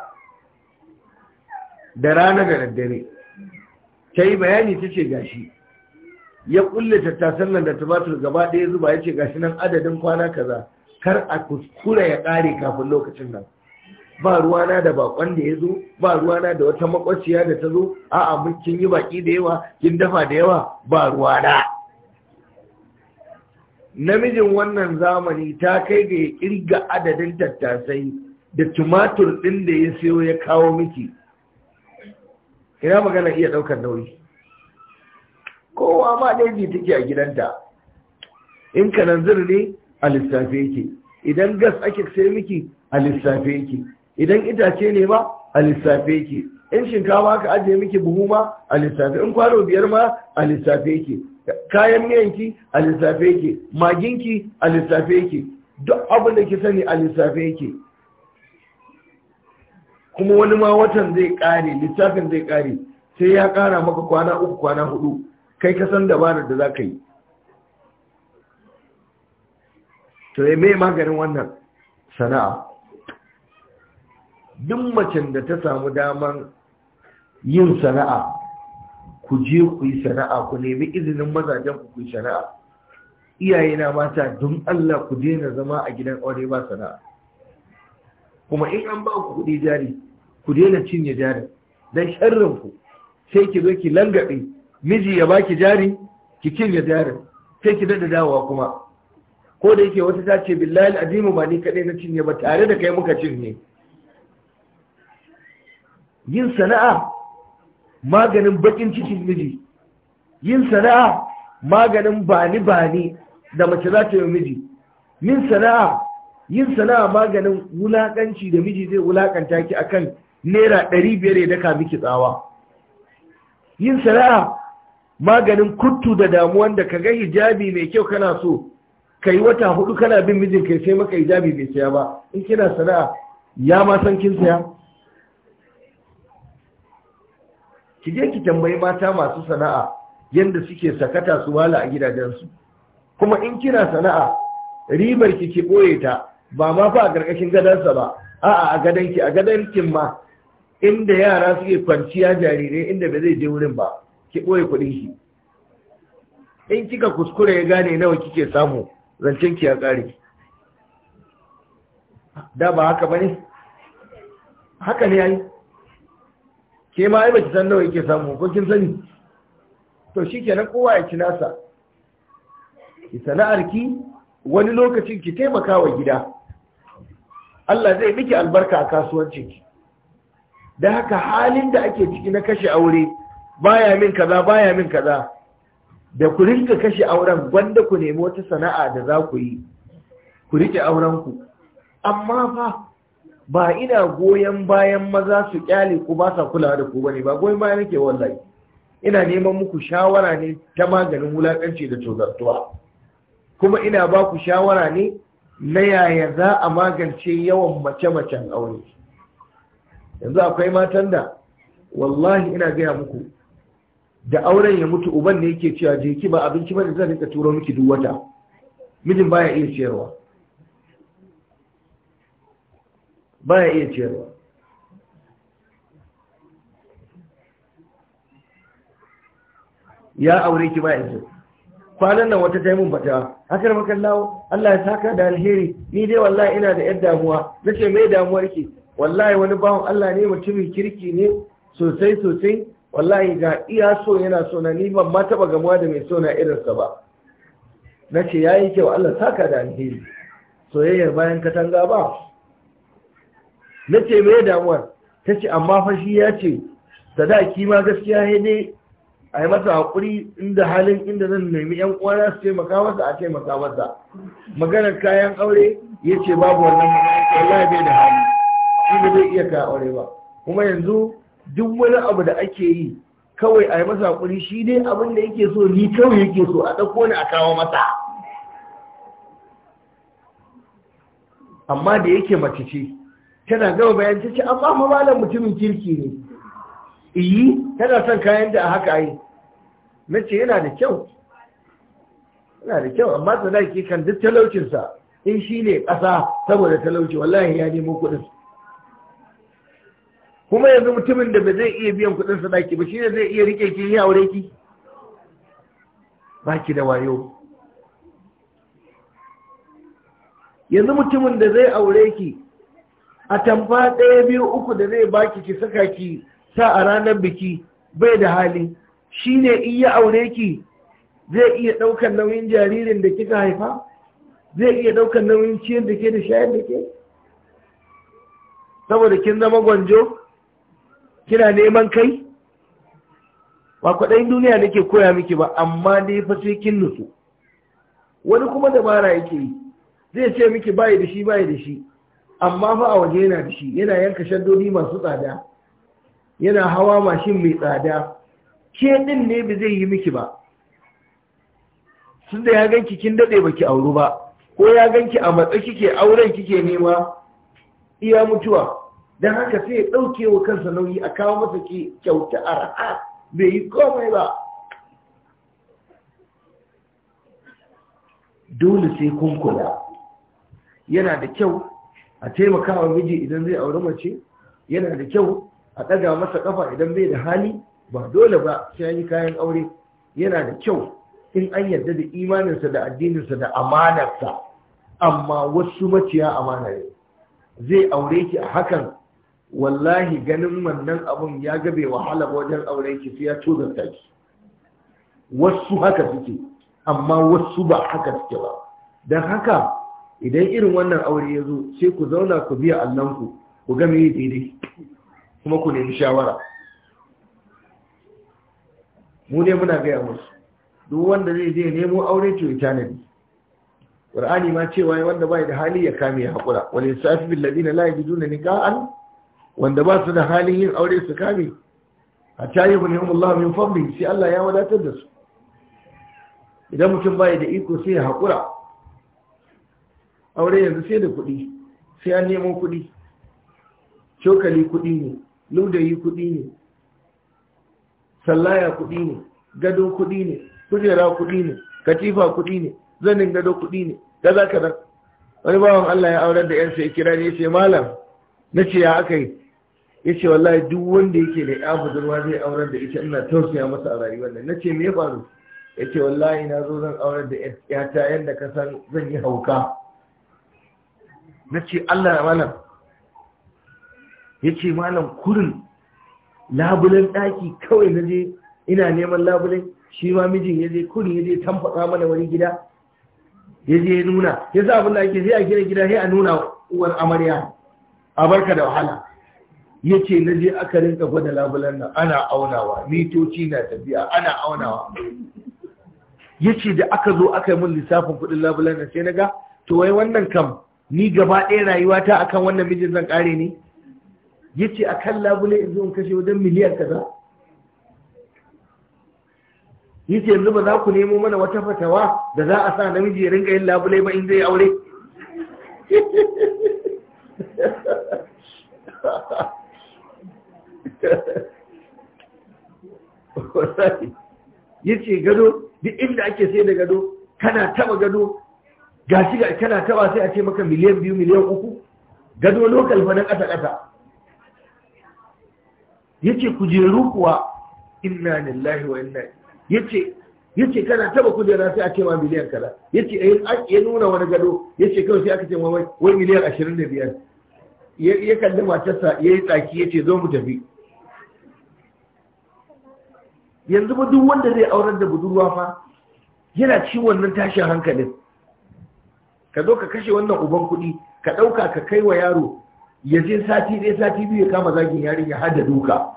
da rana da daddare ta yi bayani ta ce gashi ya kulle tattasan nan da tumatir gaba ɗaya zuba ya ce gashi nan adadin kwana kaza kar a kuskura ya ƙare kafin lokacin nan ba ruwana da bakon da ya zo ba ruwana da wata makwaciya da ta zo a'a mun kin yi baki da yawa kin dafa da yawa ba ruwana namijin wannan zamani ta kai da ya kirga adadin tattasai da tumatur ɗin da ya sayo ya kawo miki ina magana iya ɗaukar nauyi kowa ma daji take a gidanta in ka kananzir ne a lissafe yake idan gas ake sai miki a lissafe yake idan itace ne ma a lissafe yake in shinkawa aka ajiye miki buhu ma a lissafe in kwano biyar ma a lissafe yake kayan miyanki a lissafe yake maginki a lissafe yake duk abin da ki sani a lissafe yake kuma wani ma watan zai kare lissafin zai kare sai ya kara maka kwana uku kwana hudu kai ka san dabarar da za ka yi to ya mai maganin wannan sana'a duk macen da ta samu daman yin sana'a ku je ku yi shari'a ku nemi izinin mazajen ku yi shari'a iyaye na mata don Allah ku daina zama a gidan aure ba sana'a kuma in an ba ku kuɗi jari ku daina cinye jari dan sharrin ku sai ki zo ki langabe miji ya baki jari ki cinye jari sai ki dada dawa kuma ko da yake wata ta ce billahi azimu ba ni kadai na cinye ba tare da kai muka cinye yin sana'a maganin bakin cikin miji yin sana'a maganin bani bani da mace za ta yi miji yin sana'a yin sana'a maganin wulakanci da miji zai wulakanta ki akan naira ɗari biyar ya daka miki tsawa yin sana'a maganin kuttu da damuwan da ka ga hijabi mai kyau kana so ka yi wata hudu kana bin mijin kai sai maka hijabi bai saya ba in kina sana'a ya ma san kin saya ki je ki tambayi mata masu sana'a yadda suke sakata su wala a gidajensu kuma in kina sana'a ribar ki ki boye ta ba ma fa a ƙarƙashin gadansa ba a'a a gadanki a gadankin ma inda yara suke kwanciya jarirai inda ba zai je wurin ba ki boye kuɗin ki in kika kuskure ya gane nawa kike samu zancen ki ya ƙare da ba haka bane haka ne yayi ke ma ba ki san nawa yake samu ko kin sani to shi na kowa ya ci nasa ki sana'arki wani lokacin ki taimaka wa gida Allah zai miki albarka a kasuwancinki da haka halin da ake ciki na kashe aure baya min kaza baya min kaza da ku rinka kashe auren gwanda ku nemi wata sana'a da za ku yi ku rike aurenku amma fa ba ina goyon bayan maza su kyale ku ba sa kulawa da ku bane ba goyon bayan nake wallahi ina neman muku shawara ne ta maganin wulakanci da tozartuwa kuma ina ba ku shawara ne na yaya za a magance yawan mace-macen aure yanzu akwai matan da wallahi ina gaya muku da auren ya mutu uban ne yake cewa jeki ba abinci da zan rika turo miki duk wata mijin baya iya ciyarwa baya iya ciyarwa ya aure ki ba ya kwanan nan wata taimun bata da makon lawo Allah ya saka da alheri ni dai wallahi ina da yar damuwa Na ce mai damuwar ki wallahi wani bawon Allah ne mutumin kirki ne sosai sosai wallahi ga iya so yana so na ni ban ma taba gamuwa da mai so na irinsa ba Na ce ya yi kyau Allah saka da alheri soyayyar bayan katanga ba na ce mai damuwar ta ce amma fashi ya ce sadaki ma gaskiya ya ne a yi masa haƙuri inda halin inda zan nemi yan uwana su taimaka masa a taimaka masa maganar kayan aure ya ce babu wannan magana bai da hali shi da zai iya kayan aure ba kuma yanzu duk wani abu da ake yi kawai a yi masa haƙuri shi ne abin da yake so ni kawai yake so a ɗauko ni a kawo masa amma da yake mace ce tana gaba bayan ta ce amma fa malam mutumin kirki ne iyi tana son kayan da a haka yi na ce yana da kyau yana da kyau amma ke kan duk talaucinsa in eh, shi ne ƙasa saboda talauci wallahi ya nemo kuɗin kuma yanzu mutumin da ba zai iya biyan kuɗin sadaki ba shi ne zai iya rike ki ya aure ki baki da wayo yanzu mutumin da zai aure ki a tamfa ɗaya biyu uku da zai baki ki saka ki sa a ranar biki bai da hali shi ne in ya aure ki zai iya ɗaukar nauyin jaririn da kika haifa zai iya ɗaukar nauyin ciyar da ke da shayar da ke saboda kin zama gwanjo kina neman kai ba kwaɗayin duniya nake koya miki ba amma dai fa sai kin nutsu wani kuma dabara yake yi zai ce miki bayi da shi bayi da shi amma fa a waje yana da shi yana yanka shaddodi masu tsada yana hawa mashin mai tsada ke din ne ba zai yi miki ba sun da ya ganki kin daɗe baki auru ba ko ya ganki a matsa kike auren kike nema iya mutuwa dan haka sai ya ɗauke wa kansa nauyi a kawo masa ki kyauta a bai yi komai ba dole sai kun kula yana da kyau a taimakawa miji idan zai auri mace yana da kyau a ɗaga masa kafa idan bai da hali ba dole ba sai yi kayan aure yana da kyau in an yarda da imaninsa da addininsa da amanarsa amma wasu maciya amana ne zai aure ki a hakan wallahi ganin wannan abun ya gabe wahala wajen aure ki sai ya tozarta ki wasu haka suke amma wasu ba haka suke ba don haka idan irin wannan aure ya zo sai ku zauna ku biya allanku ku game daidai kuma ku nemi shawara mu ne muna gaya musu duk wanda zai je nemo aure to ya tanadi qur'ani ma cewa wanda bai da hali ya kame ya hakura wani safi bil ladina la yajiduna nika'an wanda ba su da halin yin aure su kame hatta yughnihum Allah min fadli sai Allah ya wadatar da su idan mutum bai da iko sai ya hakura aure yanzu sai da kuɗi sai an nemo kuɗi cokali kuɗi ne ludayi kuɗi ne sallaya kuɗi ne gado kuɗi ne kujera kuɗi ne katifa kuɗi ne zanin gado kuɗi ne ka zan wani bawan Allah ya aurar da yansa ya kira ne ya malam na ce ya aka yi ya ce wallahi duk wanda yake da ya budurwa zai aurar da ita ina tausaya masa a rayuwar nan na ce me faru ya ce wallahi na zo zan aurar da yata yadda ka san zan yi hauka na ce Allah ya malam ya ce malam kurin labulen ɗaki kawai na je ina neman labulen shi ma mijin ya je kurin ya je tamfasa mana wani gida ya je nuna ya sa abin da ake zai a gina gida sai a nuna uwar amarya a barka da wahala ya ce na je aka rinka gwada labulen nan ana aunawa mitoci na tafiya ana aunawa ya ce da aka zo aka yi mun lissafin kudin labulen nan sai na ga to wai wannan kam ni gaba ɗaya rayuwa ta akan wannan mijin zan ƙare ne ya ce a kan labule in zo in kashe wajen miliyan kaza ya ce yanzu ba za ku nemo mana wata fatawa da za a sa namiji ya ringa yin labule ba in zai aure ya ce gado duk inda ake sai da gado kana taba gado ga shi ga kana taba sai a ce maka miliyan biyu miliyan uku gado lokal fa na ƙasa ƙasa yace kujeru kuwa inna lillahi wa inna yace yace kana taba kujera sai a ce ma miliyan kaza yace eh, ya nuna wani gado yace kawai sai aka ce ma wai wai miliyan 25 ya kalli matarsa yayi tsaki yace zo mu tafi yanzu ba duk wanda zai aurar da budurwa fa yana ciwon nan tashin hankalin ka zo ka kashe wannan uban kuɗi ka ɗauka ka kai wa yaro ya je sati ɗaya sati biyu ya kama zagin yarin ya hada duka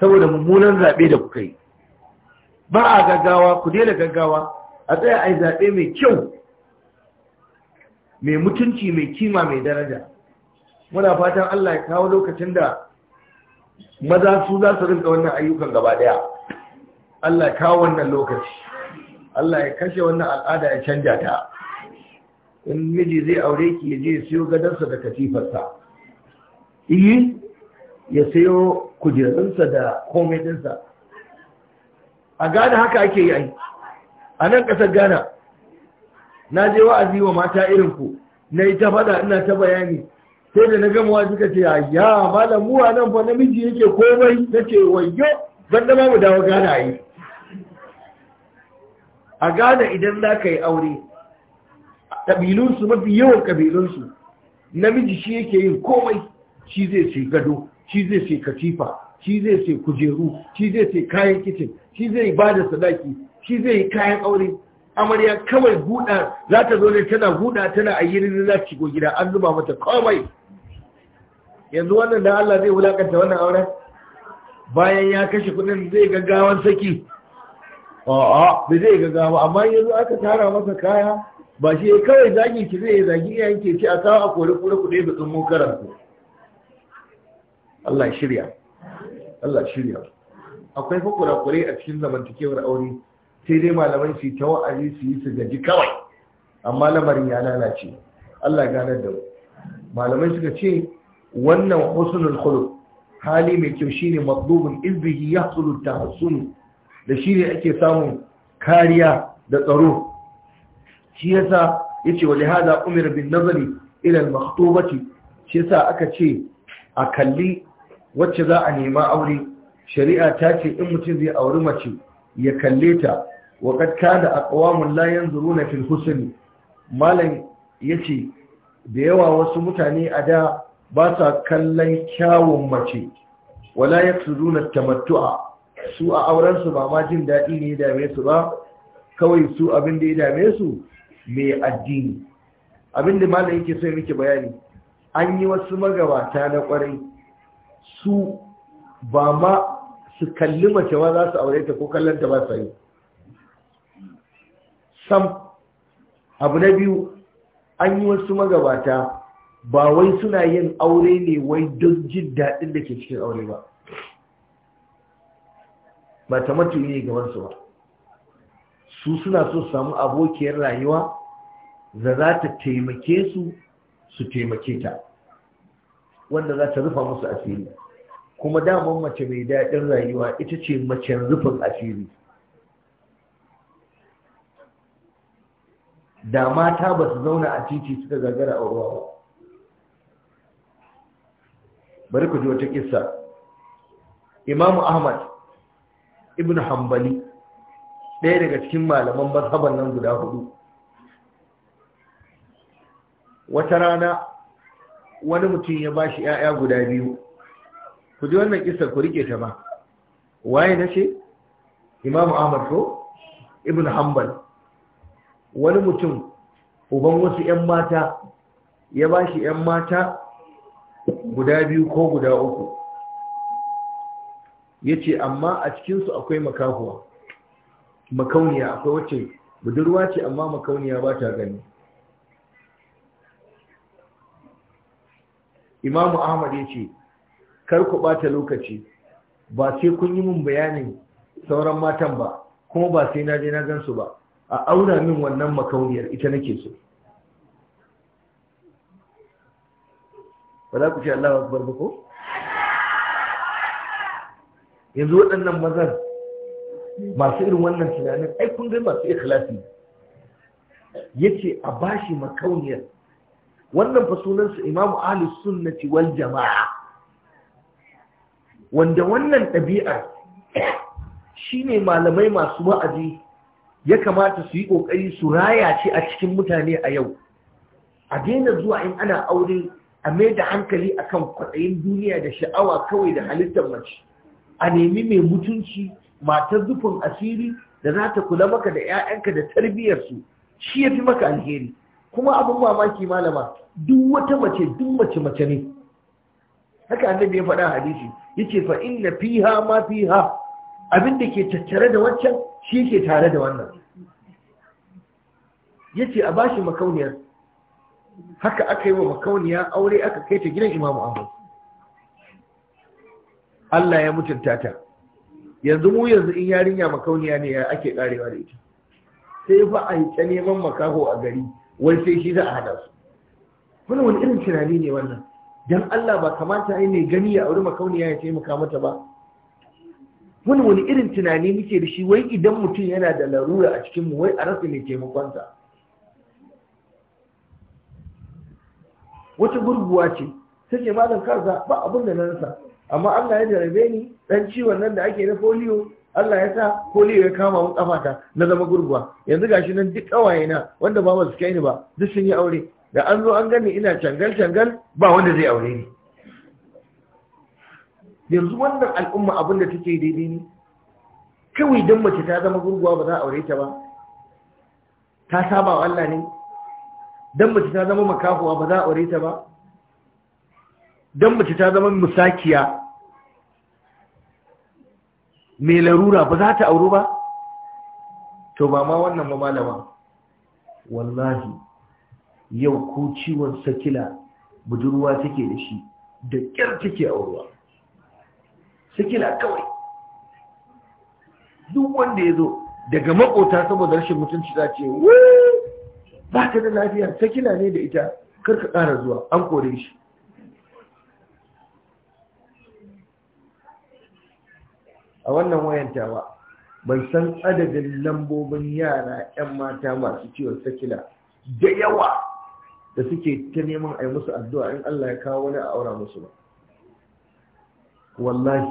saboda mummunan zaɓe da kuka yi ba a gaggawa ku daina gaggawa a tsaya a yi zaɓe mai kyau mai mutunci mai kima mai daraja muna fatan Allah ya kawo lokacin da maza su za su rinka wannan ayyukan gaba ɗaya Allah ya kawo wannan lokaci Allah ya kashe wannan al'ada ya canja ta in miji zai aure ki ya je ya siyo gadansa da katifarsa iyi eh, ya siyo kujerunsa da komai dinsa a gane haka ake yi a nan ƙasar ghana na je wa'azi wa mata irin ku na yi ta faɗa ina ta bayani sai da na gama suka ce ya malam a nan fa namiji yake komai na ce wayo ban da mu dawo gana yi a gane idan za ka yi aure ƙabilunsu mafi yawan ƙabilunsu namiji shi yake yin komai shi zai sai gado shi zai sai katifa shi zai sai kujeru shi zai sai kayan kicin shi zai ba da sadaki shi zai kayan aure amarya kawai buɗa za ta zo ne tana buɗa tana a yi za ci gida an zuba mata komai yanzu wannan da Allah zai wulakanta wannan auren bayan ya kashe kudin zai gaggawan saki a'a bai zai gaggawa amma yanzu aka tara masa kaya ba shi ya kawai zagi ki zai zagi iyayen ke ci a kawo a kore kure kuɗe da tsumo karanku Allah shirya Allah shirya akwai fa kure a cikin zamantakewar aure sai dai malaman su ta wa'azi su yi su gaji kawai amma lamarin ya lalace Allah ganar da mu malamai suka ce wannan husnul khuluq hali mai kyau shine matlubun izbihi yahsulu tahassunu da shine ake samun kariya da tsaro shi yasa yace wa lihada umira bin nazari ila al-makhtubati shi yasa aka ce a kalli wacce za a nema aure shari'a ta ce in mutum zai auri mace ya kalle ta wa qad kana aqwamun la yanzuruna fil husn malam yace da yawa wasu mutane a da ba sa kallon kyawun mace wala yaksuduna tamattu'a su a auren su ba ma jin daɗi ne ya dame su ba kawai su abin da ya dame su mai addini abinda da malam yake so miki bayani an yi wasu magabata na kwarai su ba ma su kalli mace ba za su aure ta ko kallon ta ba su yi sam abu na biyu an yi wasu magabata ba wai suna yin aure ne wai don jin daɗin da ke cikin aure ba ba ta yi ne gabansu ba su suna so su samu abokiyar rayuwa da za ta taimake su su taimake ta wanda za ta rufa musu asiri kuma daman mace mai daɗin rayuwa ita ce macen rufin asiri da mata ba su zauna a titi suka gagara a ruwa ba bari ku ji wata kisa imamu ahmad ibn hanbali ɗaya daga cikin malaman mazhaban nan guda hudu wata rana wani mutum ya bashi ‘ya'ya guda biyu ku ji wannan kisar ku rike ta ba waye na ce imamu ahmad ko ibn hanbal wani mutum uban wasu ‘yan mata ya bashi ‘yan mata guda biyu ko guda uku ya ce amma a cikinsu akwai makahuwa makauniya akwai wacce budurwa ce amma makauniya ba ta gani imamu ahmad ya ce kar ku bata lokaci ba sai kun yi min bayanin sauran matan ba kuma ba sai na je na gansu ba a aura min wannan makauniyar ita nake so ba za ku ce Allah ba ko yanzu waɗannan mazan masu irin wannan tunanin ai kun ga masu ikhlasi yace a bashi makauniyar wannan fa Imam imamu ahli sunnati wal jama'a wanda wannan shi shine malamai masu wa'azi ya kamata su yi ƙoƙari su raya ce a cikin mutane a yau a daina zuwa in ana aure a mai da hankali akan kwaɗayin duniya da sha'awa kawai da halittar mace a nemi mai mutunci matar zufin asiri da za ta kula maka da 'ya'yanka da tarbiyyarsu shi ya fi maka alheri kuma abin mamaki malama duk wata mace duk mace mace ne haka annabi ya faɗa hadisi ce fa inna fiha ma fiha abin da ke tattare da waccan shi ke tare da wannan Ya ce a bashi makauniyar haka aka yi wa makauniya aure aka kai ta gidan imamu ahmad Allah ya mutunta ta yanzu mu yanzu in yarinya makauniya ne ake karewa da ita sai fa a yi ta neman makaho a gari wai sai shi za a hada su wani wani irin tunani ne wannan dan Allah ba kamata ai ne gani ya auri makauniya ya taimaka mata ba wani wani irin tunani muke da shi wai idan mutum yana da larura a cikin mu wai a rasa mai taimakonsa wata gurguwa ce sai ce malam kansa ba abin da na rasa amma Allah ya jarabe ni dan ciwon nan da ake na polio Allah ya sa polio ya kama mun kafata na zama gurguwa yanzu gashi nan duk kawaye na wanda ba ba kai ni ba duk sun yi aure da an zo an gani ina cangal cangal ba wanda zai aure ni yanzu wannan al'umma abin da take daidai ne kawai dan mace ta zama gurguwa ba za a aure ta ba ta saba wa Allah ne dan mace ta zama makafuwa ba za a aure ta ba don mace ta zama musakiya mai larura ba za ta auro ba to ba ma wannan ba malama wallahi yau ko ciwon sakila budurwa take da shi da kyar take auruwa sakila kawai duk wanda ya zo daga makota saboda rashin mutunci za ce wuuu. ba ta da lafiya sakila ne da ita karka ƙara zuwa an kore shi a wannan wayantawa ban san adadin lambobin yara 'yan mata masu ciwon sakila da yawa da suke ta neman a yi musu addu'a in Allah ya kawo wani a aura musu ba wallahi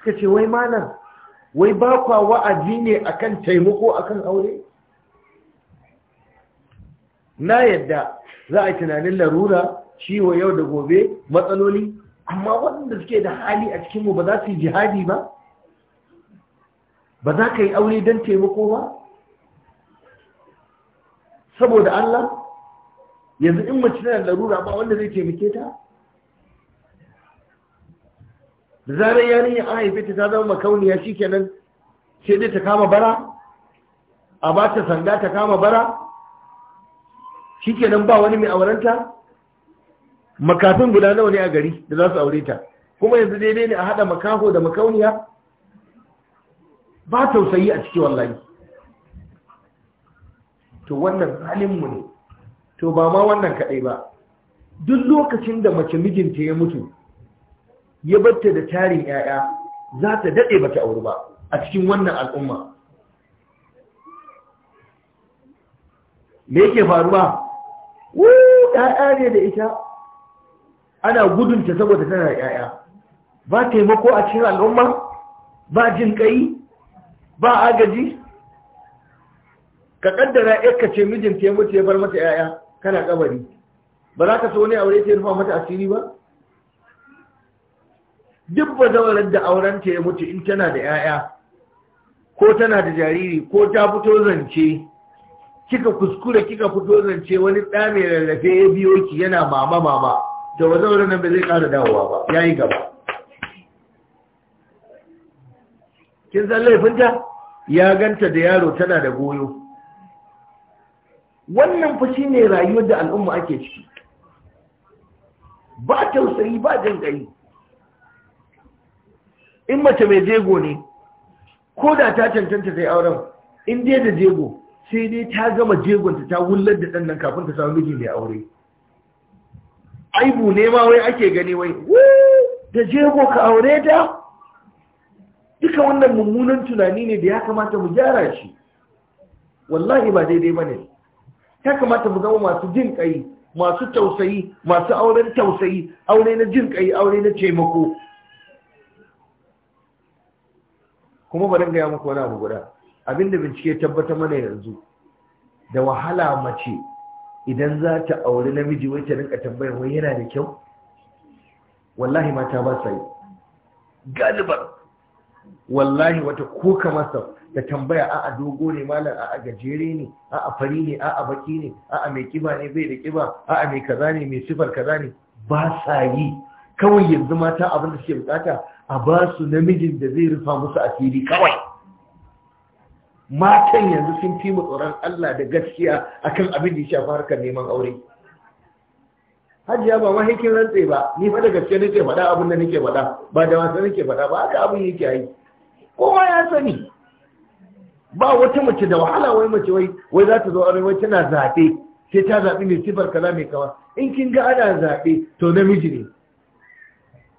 suka ce wai malam wai ba kwa wa'azi ne akan taimako akan aure na yadda za a tunanin larura ciwo yau da gobe matsaloli amma waɗanda suke da hali a cikinmu ba za su yi jihadi ba ba za ka yi aure don taimako ba saboda Allah yanzu in mace tana larura ba wanda zai taimake ta da zarar yanin an haife ta ta zama makauniya shikenan sai dai ta kama bara a ba ta sanda ta kama bara shikenan ba wani mai aurenta makafin guda nawa ne a gari da za su aure ta kuma yanzu daidai ne a haɗa makaho da makauniya ba tausayi a ciki wallahi to wannan halinmu ne to ba ma wannan kaɗai ba duk lokacin da mace mijinta ya mutu ya batta da tarin 'ya'ya za ta daɗe ba ta auri ba a cikin wannan al'umma me yake faruwa wuuu 'ya'ya ne da ita ana gudunta saboda tana da 'ya'ya ba taimako a cikin al'umma ba jin kai ba agaji ka kaddara yarka ce mijinta ya mutu ya bar mata 'ya'ya kana kabari ba za ka so wani aure ta rufa mata asiri ba duk ba zawarar da ta ya mutu in tana da 'ya'ya ko tana da jariri ko ta fito zance kika kuskure kika fito zance wani ɗa mai rarrafe ya biyo ki yana mama mama da wazaurin nan ba zai kara dawowa ba ya yi gaba kin san laifinta ya ganta da yaro tana da goyo wannan fa ne rayuwar da al'umma ake ciki ba tausayi ba jin in mace mai jego ne ko da ta cancanta sai auren in dai da jego sai dai ta gama jegonta ta wullar da ɗan nan kafin ta samu miji mai aure aibu ne ma wai ake gani wai da jego ka aure ta duka wannan mummunan tunani ne da ya kamata mu gyara shi wallahi ba daidai bane ya kamata mu zama masu jin kai masu tausayi masu auren tausayi aure na jin kai aure na taimako kuma ba gaya muku wani abu guda abinda bincike tabbata mana yanzu da wahala mace idan za ta auri namiji wai ta rinka tambayar wai yana da kyau wallahi mata ba sa yi galibar wallahi wata koka masa ta tambaya a a dogo ne malam a a gajere ne a a fari ne a a baki ne a a mai kiba ne bai da kiba a a mai kaza ne mai sifar kaza ne ba sa yi kawai yanzu mata abin da suke bukata a ba su namijin da zai rufa musu asiri kawai matan yanzu sun fi mu tsoron Allah da gaskiya akan abin da ya shafi harkar neman aure hajiya ba ma haikin rantse ba ni fa da gaske nake faɗa abin da nake faɗa ba da wasa nake faɗa ba haka abin yake yi kowa ya sani ba wata mace da wahala wai mace wai wai za ta zo aure wai tana zaɓe sai ta zaɓi mai sifar kaza mai kawa in kin ga ana zaɓe to namiji ne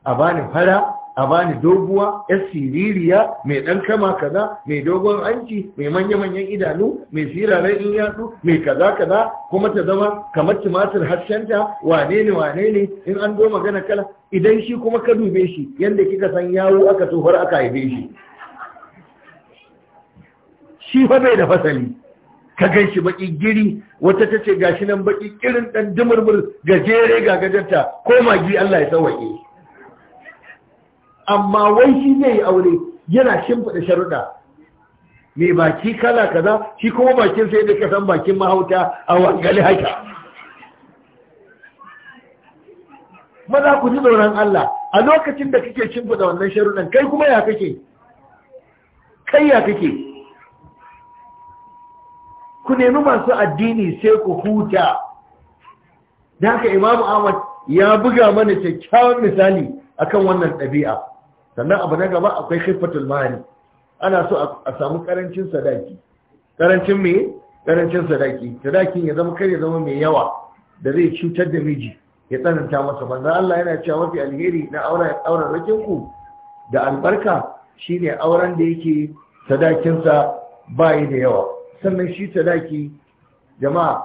a bani fara a bani doguwa yar siririya mai ɗan kama kaza mai dogon anki, mai manya-manyan idanu mai siraren in yatsu mai kaza kaza kuma ta zama kamar tumatir harshen wane ne wane ne in an zo magana kala idan shi kuma ka dube shi yadda kika san yawo aka tsohuwar aka haife shi shi fa bai da fasali ka gan shi baki giri wata ta ce gashi nan baki kirin dan dumurmur gajere ga gajarta ko magi Allah ya tsawake amma wai shi zai yi aure yana shimfiɗa sharuɗa mai baki kala kaza shi kuma bakin sai da kasan bakin mahauta a wangale haka maza ku ji tsoron Allah a lokacin da kake shimfiɗa wannan sharuɗan kai kuma ya kake kai ya kake ku nemi masu addini sai ku huta da haka imamu ahmad ya buga mana kyakkyawan misali akan wannan ɗabi'a sannan abu na gaba akwai khiffatul mahari ana so a samu karancin sadaki karancin me karancin sadaki sadakin ya zama kai ya zama mai yawa da zai cutar da miji ya tsananta masa manzan Allah yana cewa mafi alheri na auren rakin ku da albarka shine auren da yake sadakinsa bayi da yawa sannan shi sadaki jama'a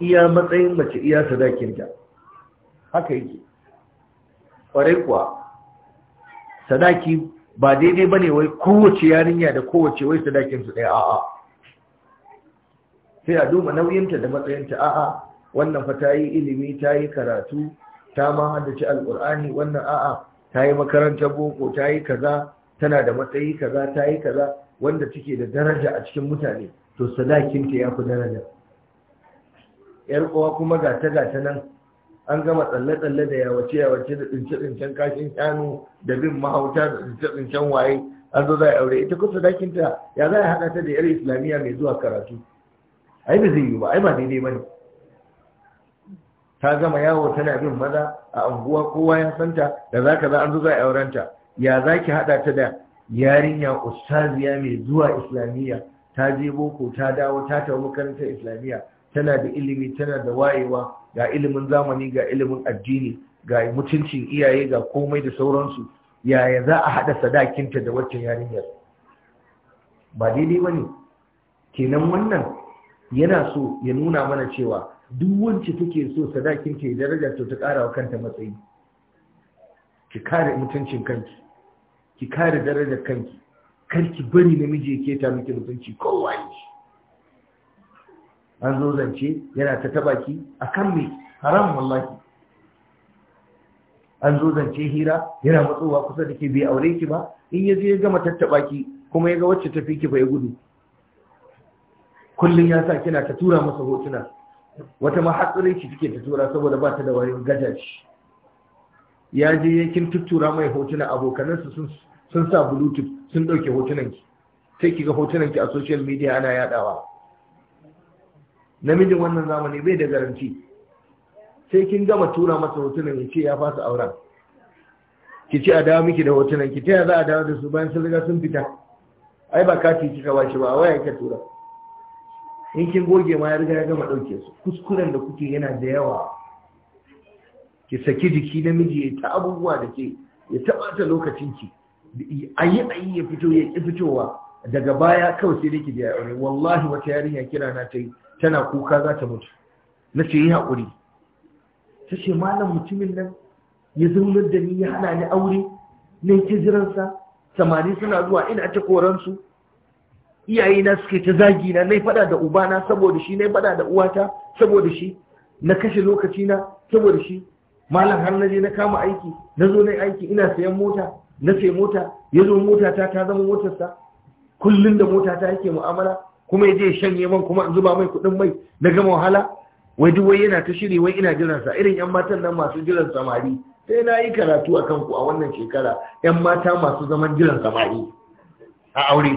iya matsayin mace iya sadakinta haka yake ƙwarai kuwa sadaki ba daidai ba ne wai kowace yarinya da kowace wai sadakinsu ɗaya a'a sai a duba nauyinta da matsayinta a'a wannan fa ta yi ilimi ta yi karatu ta ma haddace alƙur'ani wannan a'a ta yi makarantar boko ta yi kaza tana da matsayi kaza ta yi kaza wanda take da daraja a cikin mutane to sadakinta ya fi daraja yar uwa kuma gata ta nan an gama tsalle-tsalle da yawace-yawace da tsince-tsincen kashin shanu da bin mahauta da tsince-tsincen waye an zo za a aure ita kusa dakinta ya za a haɗa ta da yar islamiyya mai zuwa karatu ai ba zai yi ba ai ba daidai ba ne ta gama yawo tana bin maza a anguwa kowa ya santa da za ka za an zo za a ta ya za ki haɗa ta da yarinya ustaziya mai zuwa islamiyya ta je boko ta dawo ta tafi makarantar islamiyya tana da ilimi tana da wayewa ga ilimin zamani ga ilimin addini ga mutuncin iyaye ga komai da sauransu yaya za a haɗa sadakinta da waccan yarinyar ba daidai ba ne kenan wannan yana so ya nuna mana cewa duk wacce take so sadakinta ya daraja to ta ƙara wa kanta matsayi ki kare mutuncin kanki ki kare darajar kanki kar ki bari namiji ya keta miki mutunci kowa ne an zo zance yana ta tabaki a kan mai haram wallahi an zo zance hira yana matsowa kusa da ke bai aure ki ba in ya je ya gama tattabaki kuma ya ga wacce tafi ki fa gudu kullum ya sa kina ta tura masa hotuna wata ma hatsarin ki take ta tura saboda ba ta da wayo shi ya je ya kin tuttura mai hotuna abokanansa sun sun sa bluetooth sun dauke hotunan ki sai kiga hotunan ki a social media ana yadawa namijin wannan zamani bai da garanti sai kin gama tura masa hotunan ya ce ya fasa auren ki ci a dawo miki da hotunan ki taya za a dawo da su bayan sun riga sun fita ai ba kati kika ba shi ba waya ka tura in kin goge ma ya riga ya gama ɗauke su kuskuren da kuke yana da yawa ki saki jiki namiji ya ta abubuwa da ke ya taɓata lokacinki a yi a yi ya fito ya ƙi fitowa daga baya kawai sai da ke biya aure wallahi wata yarinya kira na ta tana kuka za ta mutu na ce yi haƙuri ta ce malam mutumin nan ya zaunar da ni ya hana ni aure na yi jiransa samari suna zuwa ina ta koransu iyayena suke ta zagi na nai fada da ubana saboda shi nai fada da uwata saboda shi na kashe lokaci na saboda shi malam har na je na kama aiki na zo na aiki ina sayan mota na sayi mota ya zo mota ta ta zama motarsa kullum da mota ta yake mu'amala kuma ya je shanye man kuma in zuba mai kuɗin mai na gama wahala wai duk wai yana ta shiri wai ina jiran sa irin yan matan nan masu jiran samari sai na yi karatu a kanku a wannan shekara yan mata masu zaman jiran samari a aure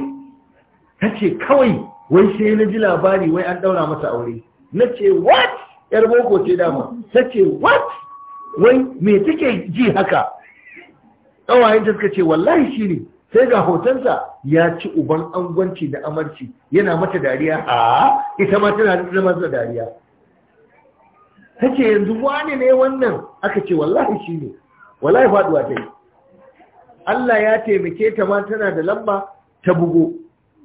ta ce kawai wai sai na ji labari wai an ɗaura masa aure na ce what yar boko ce dama ta ce what wai me take ji haka ta suka ce wallahi shi ne sai ga hotonsa ya ci uban angwanci da amarci yana mata dariya a ita ma tana zama da dariya ta ce yanzu wani ne wannan aka ce wallahi shi ne wallahi faduwa ta yi Allah ya taimake ta ma tana da lamba ta bugo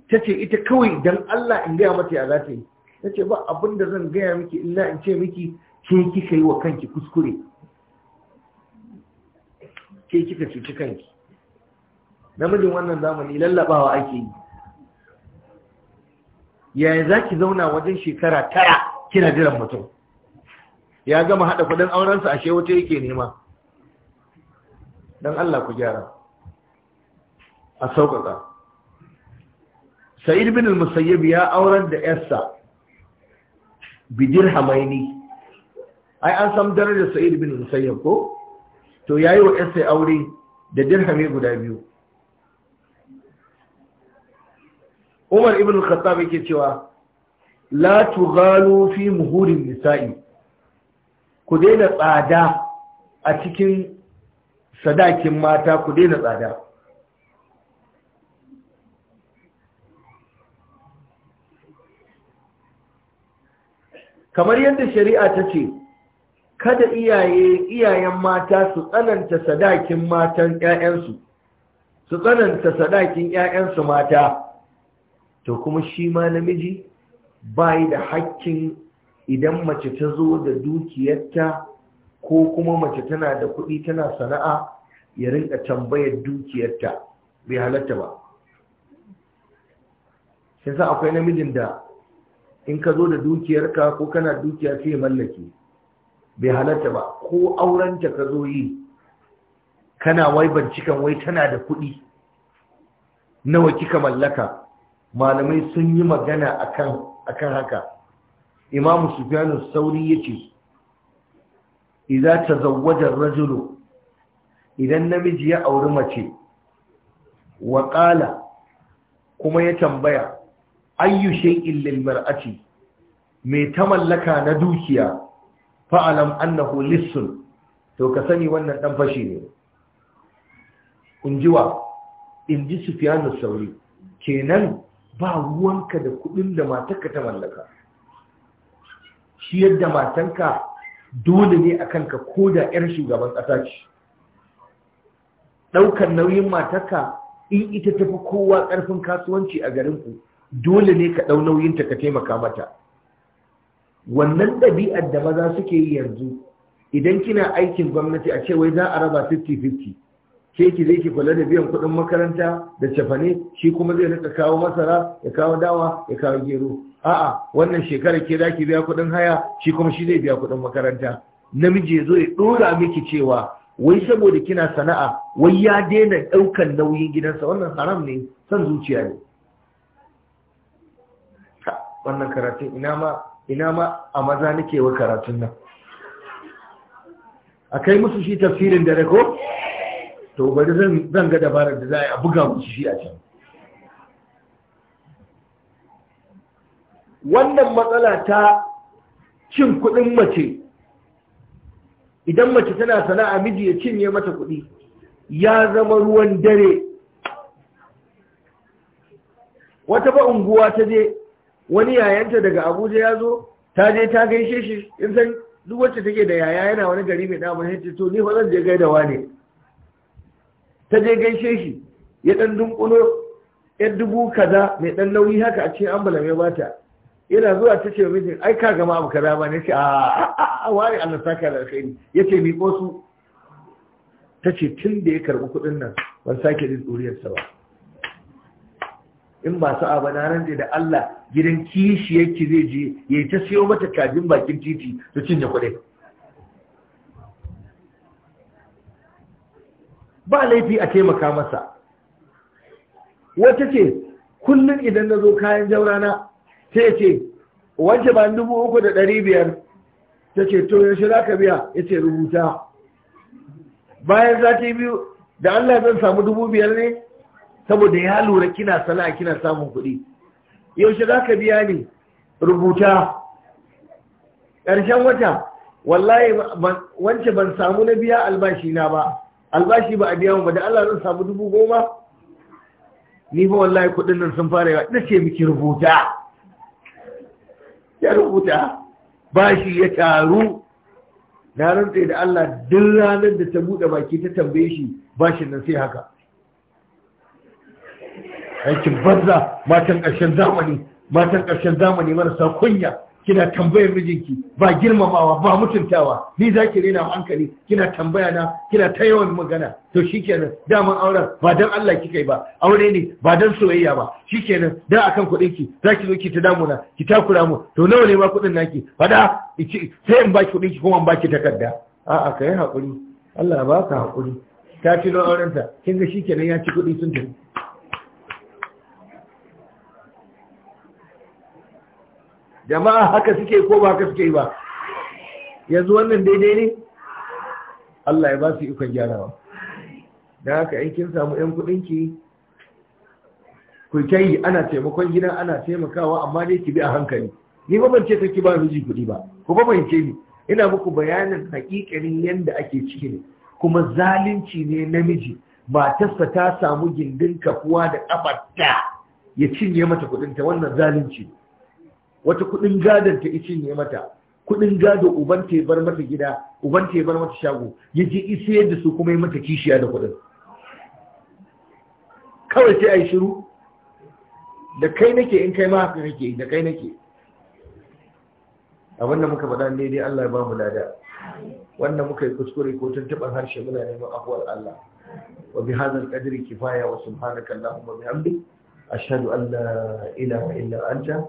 ta ce ita kawai don Allah in gaya mata ya za ta yi ta ce ba abin da zan gaya miki illa in ce miki ke kika yi wa kanki kuskure ke kika cuci kanki namijin wannan zamani lallabawa ake yi yaya za ki zauna wajen shekara tara kina jiran mutum ya gama haɗa kudin aurensa ashe wata yake nema don Allah ku gyara a sauƙaƙa sa'id bin al-musayyib ya auren da yarsa bidir hamaini ai an san darajar sa'id bin al-musayyib ko to yayi wa yarsa aure da dirhami guda biyu umar ibn khattab yake cewa la tughalu fi muhurin nisa'i ku daina tsada a cikin sadakin mata ku daina tsada kamar yadda shari'a ta ce kada iyaye iyayen mata su tsananta sadakin matan 'ya'yansu su tsananta sadakin 'ya'yansu mata to kuma shi ma namiji bayi da hakkin idan mace ta zo da dukiyarta ko kuma mace tana da kuɗi tana sana'a ya rinka tambayar dukiyarta bai halatta ba sai sa akwai namijin da in ka zo da dukiyarka ko kana dukiya sai ya mallake bai halatta ba ko aurenta ka zo yi kana wai bancikan wai tana da kuɗi nawa kika mallaka malamai sun yi magana akan haka imam sufyan sauri yace idza tazawwaja ar-rajulu idan namiji ya auri mace waƙala kuma ya tambaya ayyu shay'in lil mar'ati me ta mallaka na dukiya fa'alam annahu lissun to ka sani wannan dan fashi ne injiwa ji sufyan sauri kenan ba ruwanka da kudin da matanka ta mallaka shi yadda matanka dole ne a kanka ko da 'yar shugaban ƙasa ce ɗaukar nauyin matarka in ita tafi kowa ƙarfin kasuwanci a garinku dole ne ka ɗau nauyinta ka taimaka mata wannan ɗabi'ar da maza suke yi yanzu idan kina aikin gwamnati a ce za a raba 50-50 ke ki zai ki kula da biyan kuɗin makaranta da cefane shi kuma zai rika kawo masara ya kawo dawa ya kawo gero a'a wannan shekarar ke za ki biya kuɗin haya shi kuma shi zai biya kuɗin makaranta namiji ya zo ya ɗora miki cewa wai saboda kina sana'a wai ya daina ɗaukan nauyin gidansa wannan haram ne son zuciya ne wannan karatun ina ma ina ma a maza nake wa karatun nan a kai musu shi tafsirin dare ko to bari zan ga dabarar da za a buga musu shi a can wannan matsala ta cin kuɗin mace idan mace tana sana'a miji ya cinye mata kuɗi ya zama ruwan dare wata ba unguwa ta je wani yayanta daga abuja ya zo ta je ta gaishe shi in san duk wacce take da yaya yana wani gari mai damar hajji to ni fa zan je gaida ne ta je gaishe shi ya dan dunkulo yan dubu kaza mai ɗan nauyi haka a cikin ambala ya bata yana zuwa ta ce mijin ai ka gama abu kaza ba ne ce a a wani Allah saka da ya yace mi ko su ta ce tun da ya karɓi kuɗin nan ban sake jin sa ba in ba su abu na da Allah gidan kishi yake zai je ya ta siyo mata kajin bakin titi su cinye kuɗin ba laifi a taimaka masa wata ce kullum idan na zo kayan jaurana sai ce wance ba dubu uku da dari biyar ta ce to yaushe za ka biya ya ce rubuta bayan yi biyu da Allah zan samu dubu biyar ne saboda ya lura kina sana'a kina samun kuɗi yaushe za ka biya ne rubuta ƙarshen wata wallahi wance ban samu na biya albashina ba albashi ba a biya mu ba da Allah zan samu dubu goma ni fa wallahi kudin nan sun fara yawa ina ce miki rubuta ya rubuta bashi ya taru na rantse da Allah duk ranar da ta buɗe baki ta tambaye shi bashi nan sai haka aikin banza matan ƙarshen zamani matan ƙarshen zamani marasa kunya kina tambayar mijinki ba girmamawa ba mutuntawa ni za ki rena hankali kina tambaya na kina ta yawan magana to shikenan daman auren ba dan Allah kika yi ba aure ne ba dan soyayya ba shikenan dan akan kuɗin ki za ki zo ki ta damuna ki takura mu to nawa ne ma kuɗin naki fada sai in baki kuɗin ki kuma in baki takarda a'a kai hakuri Allah ba ka hakuri ta ci auren aurenta kin ga shikenan ya ci kuɗi sun tafi jama'a haka suke ko ba haka suke ba yanzu wannan daidai ne Allah ya ba su ikon gyarawa da haka in kin samu yan kudinki ku kai ana taimakon gida, ana taimakawa amma dai ki bi a hankali ni ba ban ce kake ba miji kuɗi ba ku ba ban ni ina muku bayanin hakikanin yanda ake ciki kuma zalunci ne namiji matarsa ta samu gindin kafuwa da kafarta ya cinye mata ta. wannan zalunci ne wata kuɗin gadon ta ici ne mata kuɗin gado uban ta bar mata gida uban ta bar mata shago ya je da su kuma yi mata kishiya da kuɗin. kawai sai a yi shiru da kai nake in kai ma haka kake da kai nake A wannan muka faɗa ne dai Allah ya ba mu lada wanda muka yi kuskure ko tuntuɓar harshe muna neman afuwar Allah wa bi hadzal qadri kifaya wa subhanaka allahumma bihamdik ashhadu an la ilaha illa anta